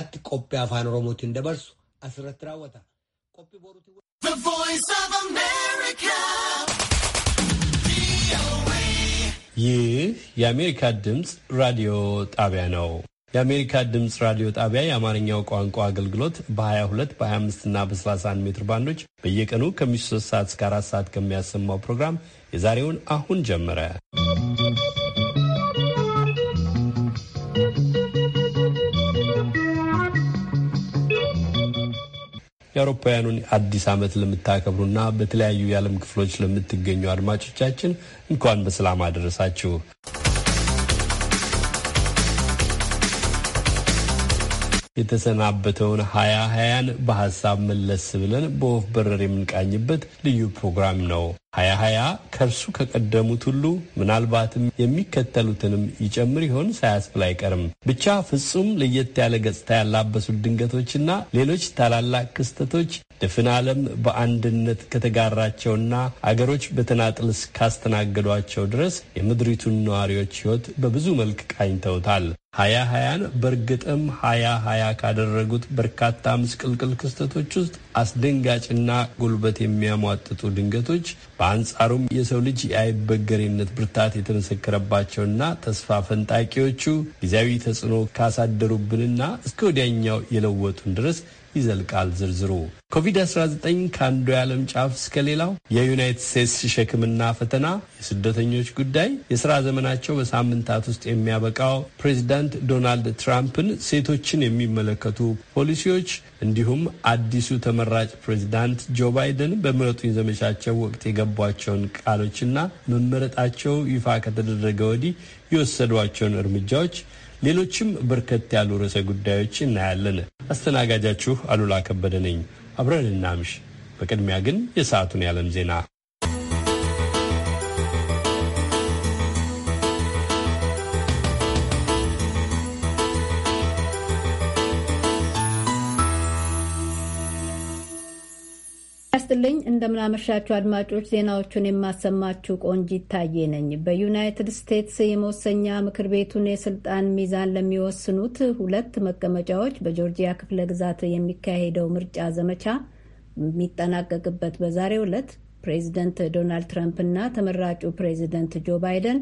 atti qophii afaan oromootiin dabarsu asirratti raawwata. ይህ የአሜሪካ ድምፅ ራዲዮ ጣቢያ ነው። የአሜሪካ ድምፅ ራዲዮ ጣቢያ የአማርኛው ቋንቋ አገልግሎት በ22 በ25 እና በ31 ሜትር ባንዶች በየቀኑ ከምሽቱ 3 ሰዓት እስከ 4 ሰዓት ከሚያሰማው ፕሮግራም የዛሬውን አሁን ጀመረ። የአውሮፓውያኑን አዲስ ዓመት ለምታከብሩና በተለያዩ የዓለም ክፍሎች ለምትገኙ አድማጮቻችን እንኳን በሰላም አደረሳችሁ። የተሰናበተውን ሀያ ሀያን በሀሳብ መለስ ብለን በወፍ በረር የምንቃኝበት ልዩ ፕሮግራም ነው። ሀያ ሀያ ከእርሱ ከቀደሙት ሁሉ ምናልባትም የሚከተሉትንም ይጨምር ይሆን ሳያስብል አይቀርም። ብቻ ፍጹም ለየት ያለ ገጽታ ያላበሱት ድንገቶችና ሌሎች ታላላቅ ክስተቶች ድፍን ዓለም በአንድነት ከተጋራቸውና አገሮች በተናጥል እስካስተናገዷቸው ድረስ የምድሪቱን ነዋሪዎች ሕይወት በብዙ መልክ ቃኝተውታል። ሀያ ሀያን በእርግጥም ሀያ ሀያ ካደረጉት በርካታ ምስቅልቅል ክስተቶች ውስጥ አስደንጋጭና ጉልበት የሚያሟጥጡ ድንገቶች፣ በአንጻሩም የሰው ልጅ የአይበገሬነት ብርታት የተመሰከረባቸውና ተስፋ ፈንጣቂዎቹ ጊዜያዊ ተጽዕኖ ካሳደሩብንና እስከ ወዲያኛው የለወጡን ድረስ ይዘልቃል ዝርዝሩ። ኮቪድ-19 ከአንዱ የዓለም ጫፍ እስከ ሌላው የዩናይትድ ስቴትስ ሸክምና ፈተና፣ የስደተኞች ጉዳይ፣ የሥራ ዘመናቸው በሳምንታት ውስጥ የሚያበቃው ፕሬዚዳንት ዶናልድ ትራምፕን ሴቶችን የሚመለከቱ ፖሊሲዎች፣ እንዲሁም አዲሱ ተመራጭ ፕሬዚዳንት ጆ ባይደን በምረጡኝ ዘመቻቸው ወቅት የገቧቸውን ቃሎችና መመረጣቸው ይፋ ከተደረገ ወዲህ የወሰዷቸውን እርምጃዎች ሌሎችም በርከት ያሉ ርዕሰ ጉዳዮች እናያለን። አስተናጋጃችሁ አሉላ ከበደ ነኝ። አብረን እናምሽ። በቅድሚያ ግን የሰዓቱን የዓለም ዜና ይስጥልኝ እንደምናመሻችሁ አድማጮች፣ ዜናዎቹን የማሰማችሁ ቆንጂ ይታየ ነኝ። በዩናይትድ ስቴትስ የመወሰኛ ምክር ቤቱን የስልጣን ሚዛን ለሚወስኑት ሁለት መቀመጫዎች በጆርጂያ ክፍለ ግዛት የሚካሄደው ምርጫ ዘመቻ የሚጠናቀቅበት በዛሬው ዕለት ፕሬዚደንት ዶናልድ ትራምፕ እና ተመራጩ ፕሬዚደንት ጆ ባይደን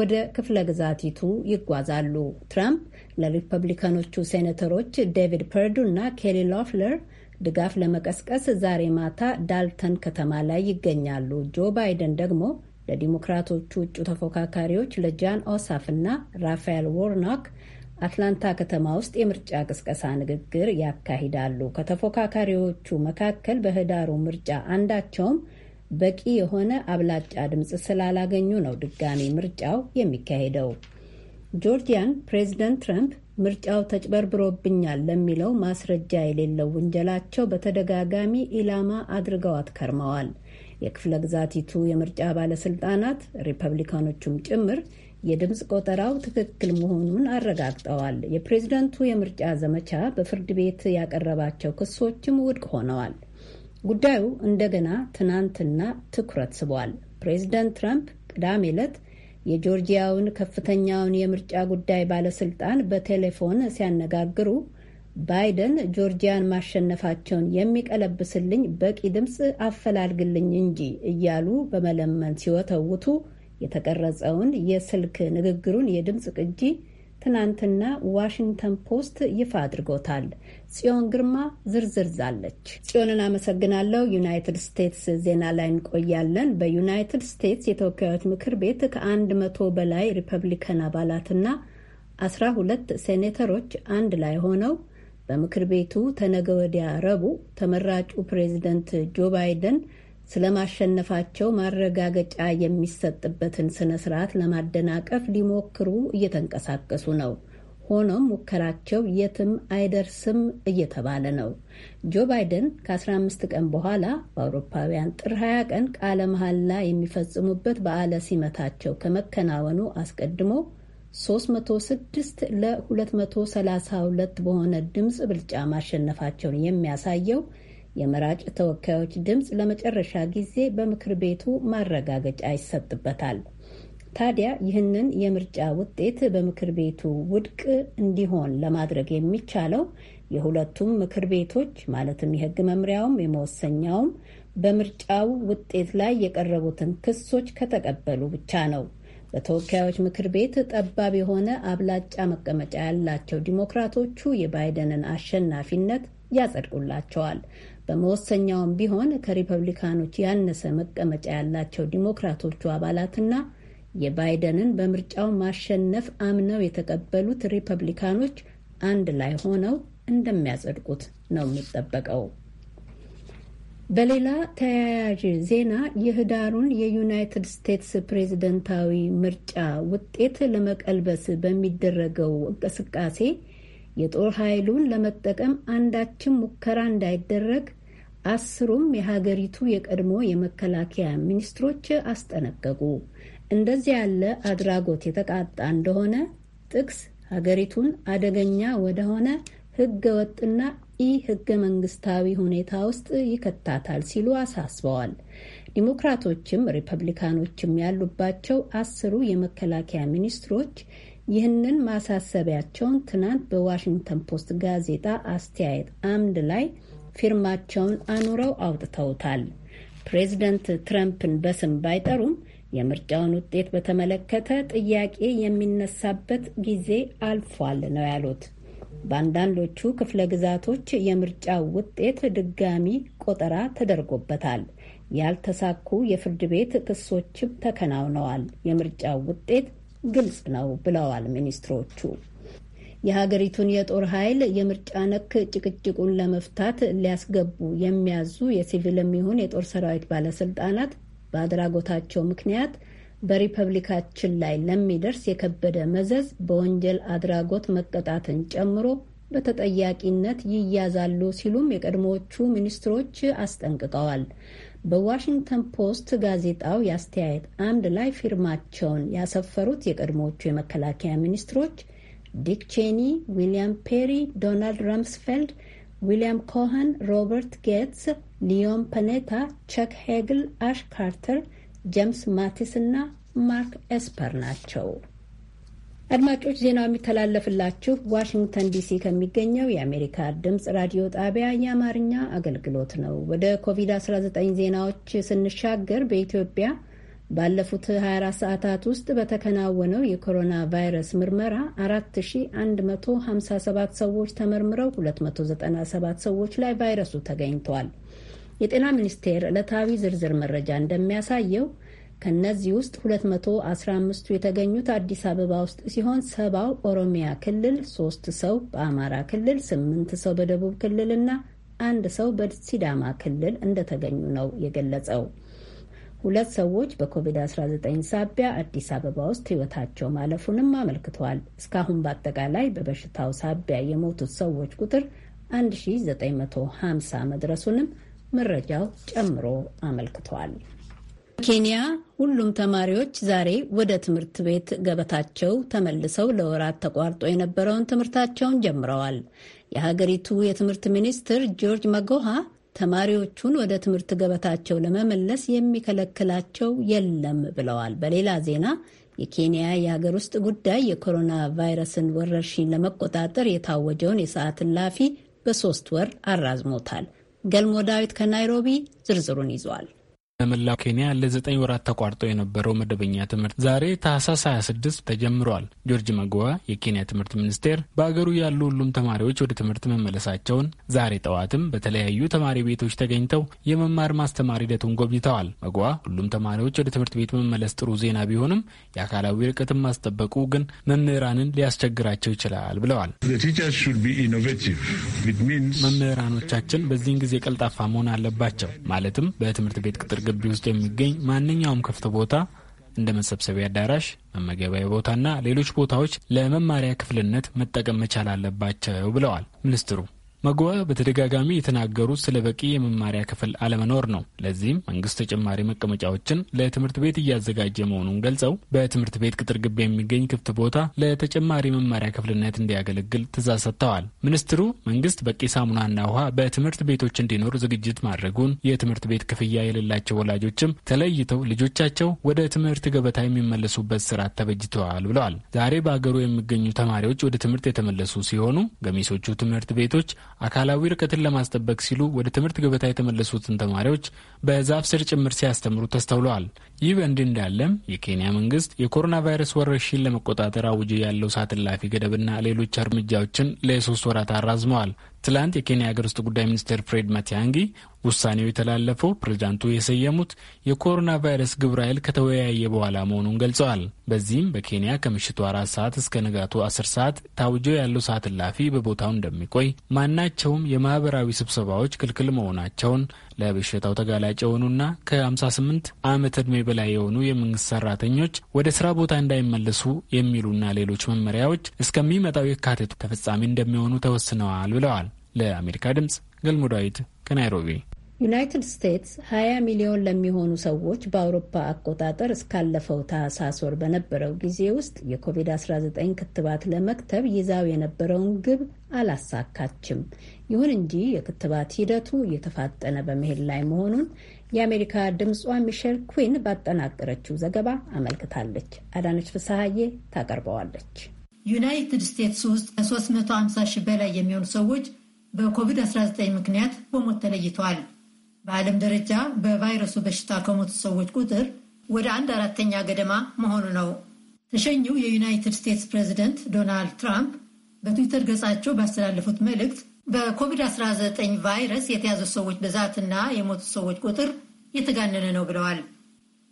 ወደ ክፍለ ግዛቲቱ ይጓዛሉ። ትራምፕ ለሪፐብሊካኖቹ ሴኔተሮች ዴቪድ ፐርዱ እና ኬሊ ሎፍለር ድጋፍ ለመቀስቀስ ዛሬ ማታ ዳልተን ከተማ ላይ ይገኛሉ። ጆ ባይደን ደግሞ ለዲሞክራቶቹ እጩ ተፎካካሪዎች ለጃን ኦሳፍ እና ራፋኤል ዎርኖክ አትላንታ ከተማ ውስጥ የምርጫ ቅስቀሳ ንግግር ያካሂዳሉ። ከተፎካካሪዎቹ መካከል በህዳሩ ምርጫ አንዳቸውም በቂ የሆነ አብላጫ ድምፅ ስላላገኙ ነው ድጋሚ ምርጫው የሚካሄደው። ጆርጂያን ፕሬዚደንት ትራምፕ ምርጫው ተጭበርብሮብኛል ለሚለው ማስረጃ የሌለው ውንጀላቸው በተደጋጋሚ ኢላማ አድርገዋት ከርመዋል። የክፍለ ግዛቲቱ የምርጫ ባለስልጣናት ሪፐብሊካኖቹም ጭምር የድምፅ ቆጠራው ትክክል መሆኑን አረጋግጠዋል። የፕሬዝደንቱ የምርጫ ዘመቻ በፍርድ ቤት ያቀረባቸው ክሶችም ውድቅ ሆነዋል። ጉዳዩ እንደገና ትናንትና ትኩረት ስቧል። ፕሬዝደንት ትራምፕ ቅዳሜ ዕለት የጆርጂያውን ከፍተኛውን የምርጫ ጉዳይ ባለስልጣን በቴሌፎን ሲያነጋግሩ ባይደን ጆርጂያን ማሸነፋቸውን የሚቀለብስልኝ በቂ ድምፅ አፈላልግልኝ እንጂ እያሉ በመለመን ሲወተውቱ የተቀረጸውን የስልክ ንግግሩን የድምፅ ቅጂ ትናንትና ዋሽንግተን ፖስት ይፋ አድርጎታል። ጽዮን ግርማ ዝርዝር ዛለች። ጽዮንን አመሰግናለሁ። ዩናይትድ ስቴትስ ዜና ላይ እንቆያለን። በዩናይትድ ስቴትስ የተወካዮች ምክር ቤት ከአንድ መቶ በላይ ሪፐብሊካን አባላትና አስራ ሁለት ሴኔተሮች አንድ ላይ ሆነው በምክር ቤቱ ተነገ ወዲያ ረቡዕ ተመራጩ ፕሬዚደንት ጆ ባይደን ስለማሸነፋቸው ማረጋገጫ የሚሰጥበትን ስነ ስርዓት ለማደናቀፍ ሊሞክሩ እየተንቀሳቀሱ ነው። ሆኖም ሙከራቸው የትም አይደርስም እየተባለ ነው። ጆ ባይደን ከ15 ቀን በኋላ በአውሮፓውያን ጥር 20 ቀን ቃለ መሐላ የሚፈጽሙበት በዓለ ሲመታቸው ከመከናወኑ አስቀድሞ 306 ለ232 በሆነ ድምፅ ብልጫ ማሸነፋቸውን የሚያሳየው የመራጭ ተወካዮች ድምፅ ለመጨረሻ ጊዜ በምክር ቤቱ ማረጋገጫ ይሰጥበታል። ታዲያ ይህንን የምርጫ ውጤት በምክር ቤቱ ውድቅ እንዲሆን ለማድረግ የሚቻለው የሁለቱም ምክር ቤቶች ማለትም የሕግ መምሪያውም የመወሰኛውም በምርጫው ውጤት ላይ የቀረቡትን ክሶች ከተቀበሉ ብቻ ነው። በተወካዮች ምክር ቤት ጠባብ የሆነ አብላጫ መቀመጫ ያላቸው ዲሞክራቶቹ የባይደንን አሸናፊነት ያጸድቁላቸዋል። በመወሰኛውም ቢሆን ከሪፐብሊካኖች ያነሰ መቀመጫ ያላቸው ዲሞክራቶቹ አባላትና የባይደንን በምርጫው ማሸነፍ አምነው የተቀበሉት ሪፐብሊካኖች አንድ ላይ ሆነው እንደሚያጸድቁት ነው የሚጠበቀው። በሌላ ተያያዥ ዜና የህዳሩን የዩናይትድ ስቴትስ ፕሬዝደንታዊ ምርጫ ውጤት ለመቀልበስ በሚደረገው እንቅስቃሴ የጦር ኃይሉን ለመጠቀም አንዳችም ሙከራ እንዳይደረግ አስሩም የሀገሪቱ የቀድሞ የመከላከያ ሚኒስትሮች አስጠነቀቁ። እንደዚህ ያለ አድራጎት የተቃጣ እንደሆነ ጥቅስ ሀገሪቱን አደገኛ ወደሆነ ህገ ወጥና ኢ ህገ መንግስታዊ ሁኔታ ውስጥ ይከታታል ሲሉ አሳስበዋል። ዲሞክራቶችም ሪፐብሊካኖችም ያሉባቸው አስሩ የመከላከያ ሚኒስትሮች ይህንን ማሳሰቢያቸውን ትናንት በዋሽንግተን ፖስት ጋዜጣ አስተያየት አምድ ላይ ፊርማቸውን አኑረው አውጥተውታል። ፕሬዚደንት ትረምፕን በስም ባይጠሩም የምርጫውን ውጤት በተመለከተ ጥያቄ የሚነሳበት ጊዜ አልፏል ነው ያሉት። በአንዳንዶቹ ክፍለ ግዛቶች የምርጫው ውጤት ድጋሚ ቆጠራ ተደርጎበታል። ያልተሳኩ የፍርድ ቤት ክሶችም ተከናውነዋል። የምርጫው ውጤት ግልጽ ነው ብለዋል ሚኒስትሮቹ። የሀገሪቱን የጦር ኃይል የምርጫ ነክ ጭቅጭቁን ለመፍታት ሊያስገቡ የሚያዙ የሲቪልም ይሁን የጦር ሰራዊት ባለስልጣናት በአድራጎታቸው ምክንያት በሪፐብሊካችን ላይ ለሚደርስ የከበደ መዘዝ በወንጀል አድራጎት መቀጣትን ጨምሮ በተጠያቂነት ይያዛሉ ሲሉም የቀድሞዎቹ ሚኒስትሮች አስጠንቅቀዋል። በዋሽንግተን ፖስት ጋዜጣው የአስተያየት አምድ ላይ ፊርማቸውን ያሰፈሩት የቀድሞዎቹ የመከላከያ ሚኒስትሮች ዲክ ቼኒ፣ ዊሊያም ፔሪ፣ ዶናልድ ራምስፌልድ፣ ዊሊያም ኮኸን፣ ሮበርት ጌትስ፣ ሊዮን ፐኔታ፣ ቸክ ሄግል፣ አሽ ካርተር፣ ጄምስ ማቲስ እና ማርክ ኤስፐር ናቸው። አድማጮች ዜናው የሚተላለፍላችሁ ዋሽንግተን ዲሲ ከሚገኘው የአሜሪካ ድምፅ ራዲዮ ጣቢያ የአማርኛ አገልግሎት ነው። ወደ ኮቪድ-19 ዜናዎች ስንሻገር በኢትዮጵያ ባለፉት 24 ሰዓታት ውስጥ በተከናወነው የኮሮና ቫይረስ ምርመራ 4157 ሰዎች ተመርምረው 297 ሰዎች ላይ ቫይረሱ ተገኝቷል። የጤና ሚኒስቴር ዕለታዊ ዝርዝር መረጃ እንደሚያሳየው ከእነዚህ ውስጥ 215ቱ የተገኙት አዲስ አበባ ውስጥ ሲሆን ሰባው ኦሮሚያ ክልል፣ ሶስት ሰው በአማራ ክልል፣ ስምንት ሰው በደቡብ ክልል እና አንድ ሰው በሲዳማ ክልል እንደተገኙ ነው የገለጸው። ሁለት ሰዎች በኮቪድ-19 ሳቢያ አዲስ አበባ ውስጥ ሕይወታቸው ማለፉንም አመልክተዋል። እስካሁን በአጠቃላይ በበሽታው ሳቢያ የሞቱት ሰዎች ቁጥር 1950 መድረሱንም መረጃው ጨምሮ አመልክቷል። ኬንያ ሁሉም ተማሪዎች ዛሬ ወደ ትምህርት ቤት ገበታቸው ተመልሰው ለወራት ተቋርጦ የነበረውን ትምህርታቸውን ጀምረዋል። የሀገሪቱ የትምህርት ሚኒስትር ጆርጅ መጎሃ ተማሪዎቹን ወደ ትምህርት ገበታቸው ለመመለስ የሚከለክላቸው የለም ብለዋል። በሌላ ዜና የኬንያ የሀገር ውስጥ ጉዳይ የኮሮና ቫይረስን ወረርሽኝ ለመቆጣጠር የታወጀውን የሰዓት እላፊ በሶስት ወር አራዝሞታል። ገልሞ ዳዊት ከናይሮቢ ዝርዝሩን ይዟል። በመላው ኬንያ ለዘጠኝ ወራት ተቋርጦ የነበረው መደበኛ ትምህርት ዛሬ ታህሳስ 26 ተጀምሯል። ጆርጅ መጎዋ የኬንያ ትምህርት ሚኒስቴር በአገሩ ያሉ ሁሉም ተማሪዎች ወደ ትምህርት መመለሳቸውን ዛሬ ጠዋትም በተለያዩ ተማሪ ቤቶች ተገኝተው የመማር ማስተማር ሂደቱን ጎብኝተዋል። መጎዋ ሁሉም ተማሪዎች ወደ ትምህርት ቤት መመለስ ጥሩ ዜና ቢሆንም የአካላዊ ርቀትን ማስጠበቁ ግን መምህራንን ሊያስቸግራቸው ይችላል ብለዋል። መምህራኖቻችን በዚህን ጊዜ ቀልጣፋ መሆን አለባቸው። ማለትም በትምህርት ቤት ቅጥር ግቢ ውስጥ የሚገኝ ማንኛውም ክፍት ቦታ እንደ መሰብሰቢያ አዳራሽ፣ መመገቢያ ቦታና ሌሎች ቦታዎች ለመማሪያ ክፍልነት መጠቀም መቻል አለባቸው ብለዋል ሚኒስትሩ። መጉወ በተደጋጋሚ የተናገሩት ስለ በቂ የመማሪያ ክፍል አለመኖር ነው። ለዚህም መንግስት ተጨማሪ መቀመጫዎችን ለትምህርት ቤት እያዘጋጀ መሆኑን ገልጸው በትምህርት ቤት ቅጥር ግቢ የሚገኝ ክፍት ቦታ ለተጨማሪ መማሪያ ክፍልነት እንዲያገለግል ትእዛዝ ሰጥተዋል። ሚኒስትሩ መንግስት በቂ ሳሙናና ውሃ በትምህርት ቤቶች እንዲኖር ዝግጅት ማድረጉን፣ የትምህርት ቤት ክፍያ የሌላቸው ወላጆችም ተለይተው ልጆቻቸው ወደ ትምህርት ገበታ የሚመለሱበት ስርዓት ተበጅተዋል ብለዋል። ዛሬ በአገሩ የሚገኙ ተማሪዎች ወደ ትምህርት የተመለሱ ሲሆኑ ገሚሶቹ ትምህርት ቤቶች አካላዊ ርቀትን ለማስጠበቅ ሲሉ ወደ ትምህርት ገበታ የተመለሱትን ተማሪዎች በዛፍ ስር ጭምር ሲያስተምሩ ተስተውለዋል። ይህ በእንዲህ እንዳለም የኬንያ መንግስት የኮሮና ቫይረስ ወረርሽኝ ለመቆጣጠር አውጆ ያለው ሰዓት እላፊ ገደብና ሌሎች እርምጃዎችን ለሶስት ወራት አራዝመዋል። ትላንት የኬንያ ሀገር ውስጥ ጉዳይ ሚኒስትር ፍሬድ ማቲያንጊ ውሳኔው የተላለፈው ፕሬዚዳንቱ የሰየሙት የኮሮና ቫይረስ ግብረ ኃይል ከተወያየ በኋላ መሆኑን ገልጸዋል። በዚህም በኬንያ ከምሽቱ አራት ሰዓት እስከ ንጋቱ አስር ሰዓት ታውጆ ያለው ሰዓት እላፊ በቦታው እንደሚቆይ፣ ማናቸውም የማህበራዊ ስብሰባዎች ክልክል መሆናቸውን ለበሽታው ተጋላጭ የሆኑና ከ58 ዓመት ዕድሜ በላይ የሆኑ የመንግስት ሰራተኞች ወደ ስራ ቦታ እንዳይመለሱ የሚሉና ሌሎች መመሪያዎች እስከሚመጣው የካቲት ተፈጻሚ እንደሚሆኑ ተወስነዋል ብለዋል። ለአሜሪካ ድምጽ ገልሞ ዳዊት ከናይሮቢ። ዩናይትድ ስቴትስ 20 ሚሊዮን ለሚሆኑ ሰዎች በአውሮፓ አቆጣጠር እስካለፈው ታህሳስ ወር በነበረው ጊዜ ውስጥ የኮቪድ-19 ክትባት ለመክተብ ይዛው የነበረውን ግብ አላሳካችም። ይሁን እንጂ የክትባት ሂደቱ እየተፋጠነ በመሄድ ላይ መሆኑን የአሜሪካ ድምጿ ሚሼል ኩዊን ባጠናቀረችው ዘገባ አመልክታለች። አዳነች ፍስሐዬ ታቀርበዋለች። ዩናይትድ ስቴትስ ውስጥ ከ350 ሺህ በላይ የሚሆኑ ሰዎች በኮቪድ-19 ምክንያት በሞት ተለይተዋል። በዓለም ደረጃ በቫይረሱ በሽታ ከሞቱ ሰዎች ቁጥር ወደ አንድ አራተኛ ገደማ መሆኑ ነው። ተሸኚው የዩናይትድ ስቴትስ ፕሬዚደንት ዶናልድ ትራምፕ በትዊተር ገጻቸው ባስተላለፉት መልእክት በኮቪድ-19 ቫይረስ የተያዙ ሰዎች ብዛትና የሞቱ ሰዎች ቁጥር የተጋነነ ነው ብለዋል።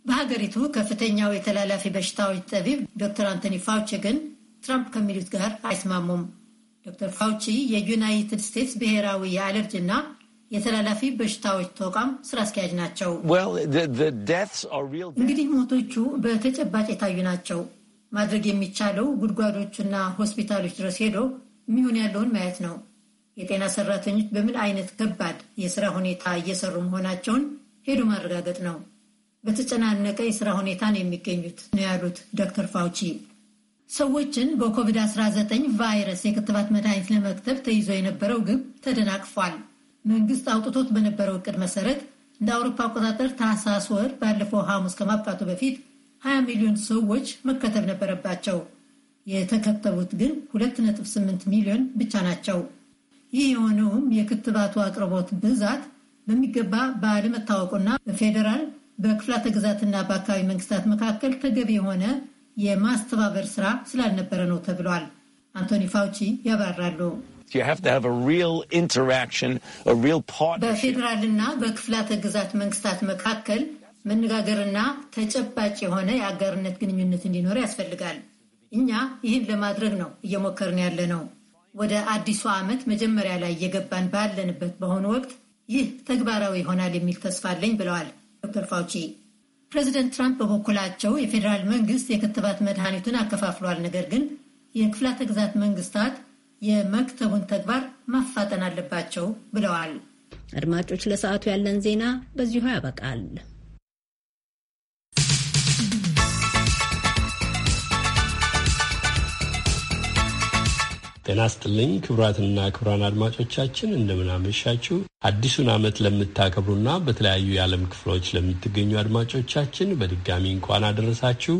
በሀገሪቱ ከፍተኛው የተላላፊ በሽታዎች ጠቢብ ዶክተር አንቶኒ ፋውቺ ግን ትራምፕ ከሚሉት ጋር አይስማሙም። ዶክተር ፋውቺ የዩናይትድ ስቴትስ ብሔራዊ የአለርጂ እና የተላላፊ በሽታዎች ተቋም ስራ አስኪያጅ ናቸው። እንግዲህ ሞቶቹ በተጨባጭ የታዩ ናቸው። ማድረግ የሚቻለው ጉድጓዶቹና ሆስፒታሎች ድረስ ሄዶ የሚሆን ያለውን ማየት ነው። የጤና ሰራተኞች በምን አይነት ከባድ የስራ ሁኔታ እየሰሩ መሆናቸውን ሄዱ ማረጋገጥ ነው። በተጨናነቀ የስራ ሁኔታ ነው የሚገኙት ነው ያሉት ዶክተር ፋውቺ። ሰዎችን በኮቪድ-19 ቫይረስ የክትባት መድኃኒት ለመክተብ ተይዞ የነበረው ግብ ተደናቅፏል። መንግስት አውጥቶት በነበረው እቅድ መሰረት እንደ አውሮፓ አቆጣጠር ታህሳስ ወር ባለፈው ሐሙስ ከማብቃቱ በፊት 20 ሚሊዮን ሰዎች መከተብ ነበረባቸው። የተከተቡት ግን 2.8 ሚሊዮን ብቻ ናቸው። ይህ የሆነውም የክትባቱ አቅርቦት ብዛት በሚገባ ባለመታወቁና በፌዴራል በክፍላተ ግዛትና በአካባቢ መንግስታት መካከል ተገቢ የሆነ የማስተባበር ስራ ስላልነበረ ነው ተብሏል። አንቶኒ ፋውቺ ያብራራሉ። በፌዴራልና በክፍላተ ግዛት መንግስታት መካከል መነጋገርና ተጨባጭ የሆነ የአጋርነት ግንኙነት እንዲኖር ያስፈልጋል። እኛ ይህን ለማድረግ ነው እየሞከርን ያለ ነው። ወደ አዲሱ ዓመት መጀመሪያ ላይ እየገባን ባለንበት በአሁኑ ወቅት ይህ ተግባራዊ ይሆናል የሚል ተስፋ አለኝ ብለዋል ዶክተር ፋውቺ። ፕሬዚደንት ትራምፕ በበኩላቸው የፌዴራል መንግስት የክትባት መድኃኒቱን አከፋፍሏል፣ ነገር ግን የክፍላተ ግዛት መንግስታት የመክተቡን ተግባር ማፋጠን አለባቸው ብለዋል። አድማጮች፣ ለሰዓቱ ያለን ዜና በዚሁ ያበቃል። ጤና ስጥልኝ ክቡራትና ክቡራን አድማጮቻችን እንደምናመሻችሁ። አዲሱን ዓመት ለምታከብሩና በተለያዩ የዓለም ክፍሎች ለምትገኙ አድማጮቻችን በድጋሚ እንኳን አደረሳችሁ።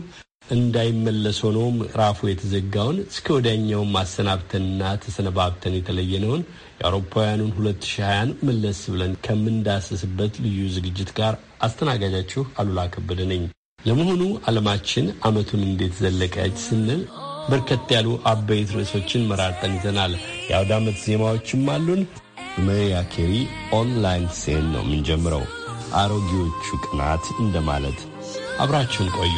እንዳይመለስ ሆኖ ምዕራፉ የተዘጋውን እስከ ወዲያኛው ማሰናብተንና ተሰነባብተን የተለየነውን የአውሮፓውያኑን 2020 መለስ ብለን ከምንዳስስበት ልዩ ዝግጅት ጋር አስተናጋጃችሁ አሉላ ከበደ ነኝ። ለመሆኑ ዓለማችን ዓመቱን እንዴት ዘለቀች ስንል በርከት ያሉ አበይት ርዕሶችን መራርጠን ይዘናል። የአውደ ዓመት ዜማዎችም አሉን። መሪያ ኬሪ ኦንላይን ሴል ነው የምንጀምረው፣ አሮጌዎቹ ቅናት እንደማለት። አብራችሁን ቆዩ።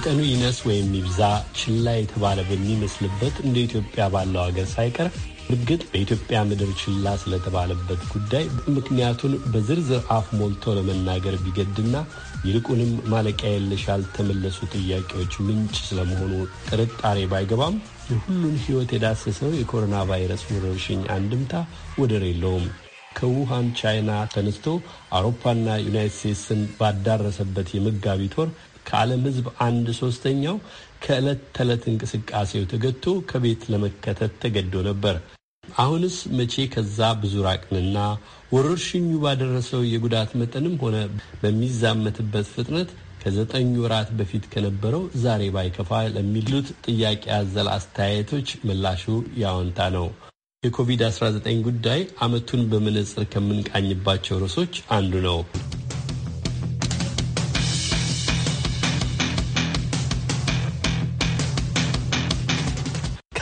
መጠኑ ይነስ ወይም ይብዛ ችላ የተባለ በሚመስልበት እንደ ኢትዮጵያ ባለው ሀገር ሳይቀር እርግጥ በኢትዮጵያ ምድር ችላ ስለተባለበት ጉዳይ ምክንያቱን በዝርዝር አፍ ሞልቶ ለመናገር ቢገድና ይልቁንም ማለቂያ የለሽ ያልተመለሱ ጥያቄዎች ምንጭ ስለመሆኑ ጥርጣሬ ባይገባም የሁሉን ሕይወት የዳሰሰው የኮሮና ቫይረስ ወረርሽኝ አንድምታ ወደር የለውም። ከውሃን ቻይና ተነስቶ አውሮፓና ዩናይት ስቴትስን ባዳረሰበት የመጋቢት ወር ከዓለም ሕዝብ አንድ ሶስተኛው ከዕለት ተዕለት እንቅስቃሴው ተገቶ ከቤት ለመከተት ተገዶ ነበር። አሁንስ መቼ ከዛ ብዙ ራቅንና ወረርሽኙ ባደረሰው የጉዳት መጠንም ሆነ በሚዛመትበት ፍጥነት ከዘጠኝ ወራት በፊት ከነበረው ዛሬ ባይከፋ ለሚሉት ጥያቄ አዘል አስተያየቶች ምላሹ ያወንታ ነው። የኮቪድ-19 ጉዳይ ዓመቱን በመነጽር ከምንቃኝባቸው ርዕሶች አንዱ ነው።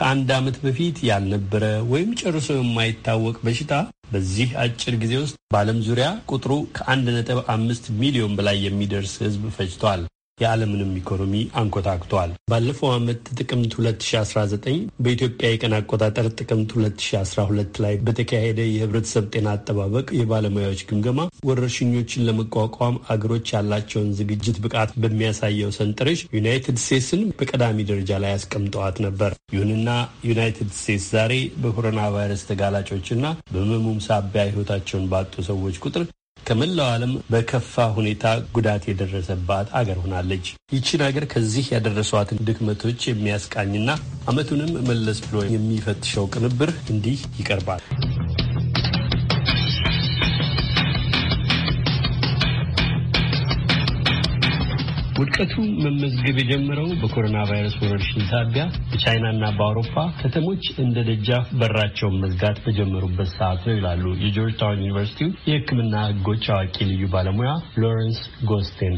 ከአንድ ዓመት በፊት ያልነበረ ወይም ጨርሶ የማይታወቅ በሽታ በዚህ አጭር ጊዜ ውስጥ በዓለም ዙሪያ ቁጥሩ ከአንድ ነጥብ አምስት ሚሊዮን በላይ የሚደርስ ሕዝብ ፈጅቷል። የዓለምንም ኢኮኖሚ አንኮታክቷል። ባለፈው ዓመት ጥቅምት 2019 በኢትዮጵያ የቀን አቆጣጠር ጥቅምት 2012 ላይ በተካሄደ የህብረተሰብ ጤና አጠባበቅ የባለሙያዎች ግምገማ ወረርሽኞችን ለመቋቋም አገሮች ያላቸውን ዝግጅት ብቃት በሚያሳየው ሰንጠረዥ ዩናይትድ ስቴትስን በቀዳሚ ደረጃ ላይ አስቀምጠዋት ነበር። ይሁንና ዩናይትድ ስቴትስ ዛሬ በኮሮና ቫይረስ ተጋላጮችና በህመሙም ሳቢያ ህይወታቸውን ባጡ ሰዎች ቁጥር ከመላው ዓለም በከፋ ሁኔታ ጉዳት የደረሰባት አገር ሆናለች። ይቺን አገር ከዚህ ያደረሷትን ድክመቶች የሚያስቃኝና ዓመቱንም መለስ ብሎ የሚፈትሸው ቅንብር እንዲህ ይቀርባል። ውድቀቱ መመዝገብ የጀመረው በኮሮና ቫይረስ ወረርሽኝ ሳቢያ በቻይናና በአውሮፓ ከተሞች እንደ ደጃፍ በራቸውን መዝጋት በጀመሩበት ሰዓት ነው ይላሉ የጆርጅታውን ዩኒቨርሲቲው የሕክምና ሕጎች አዋቂ ልዩ ባለሙያ ሎረንስ ጎስቴን።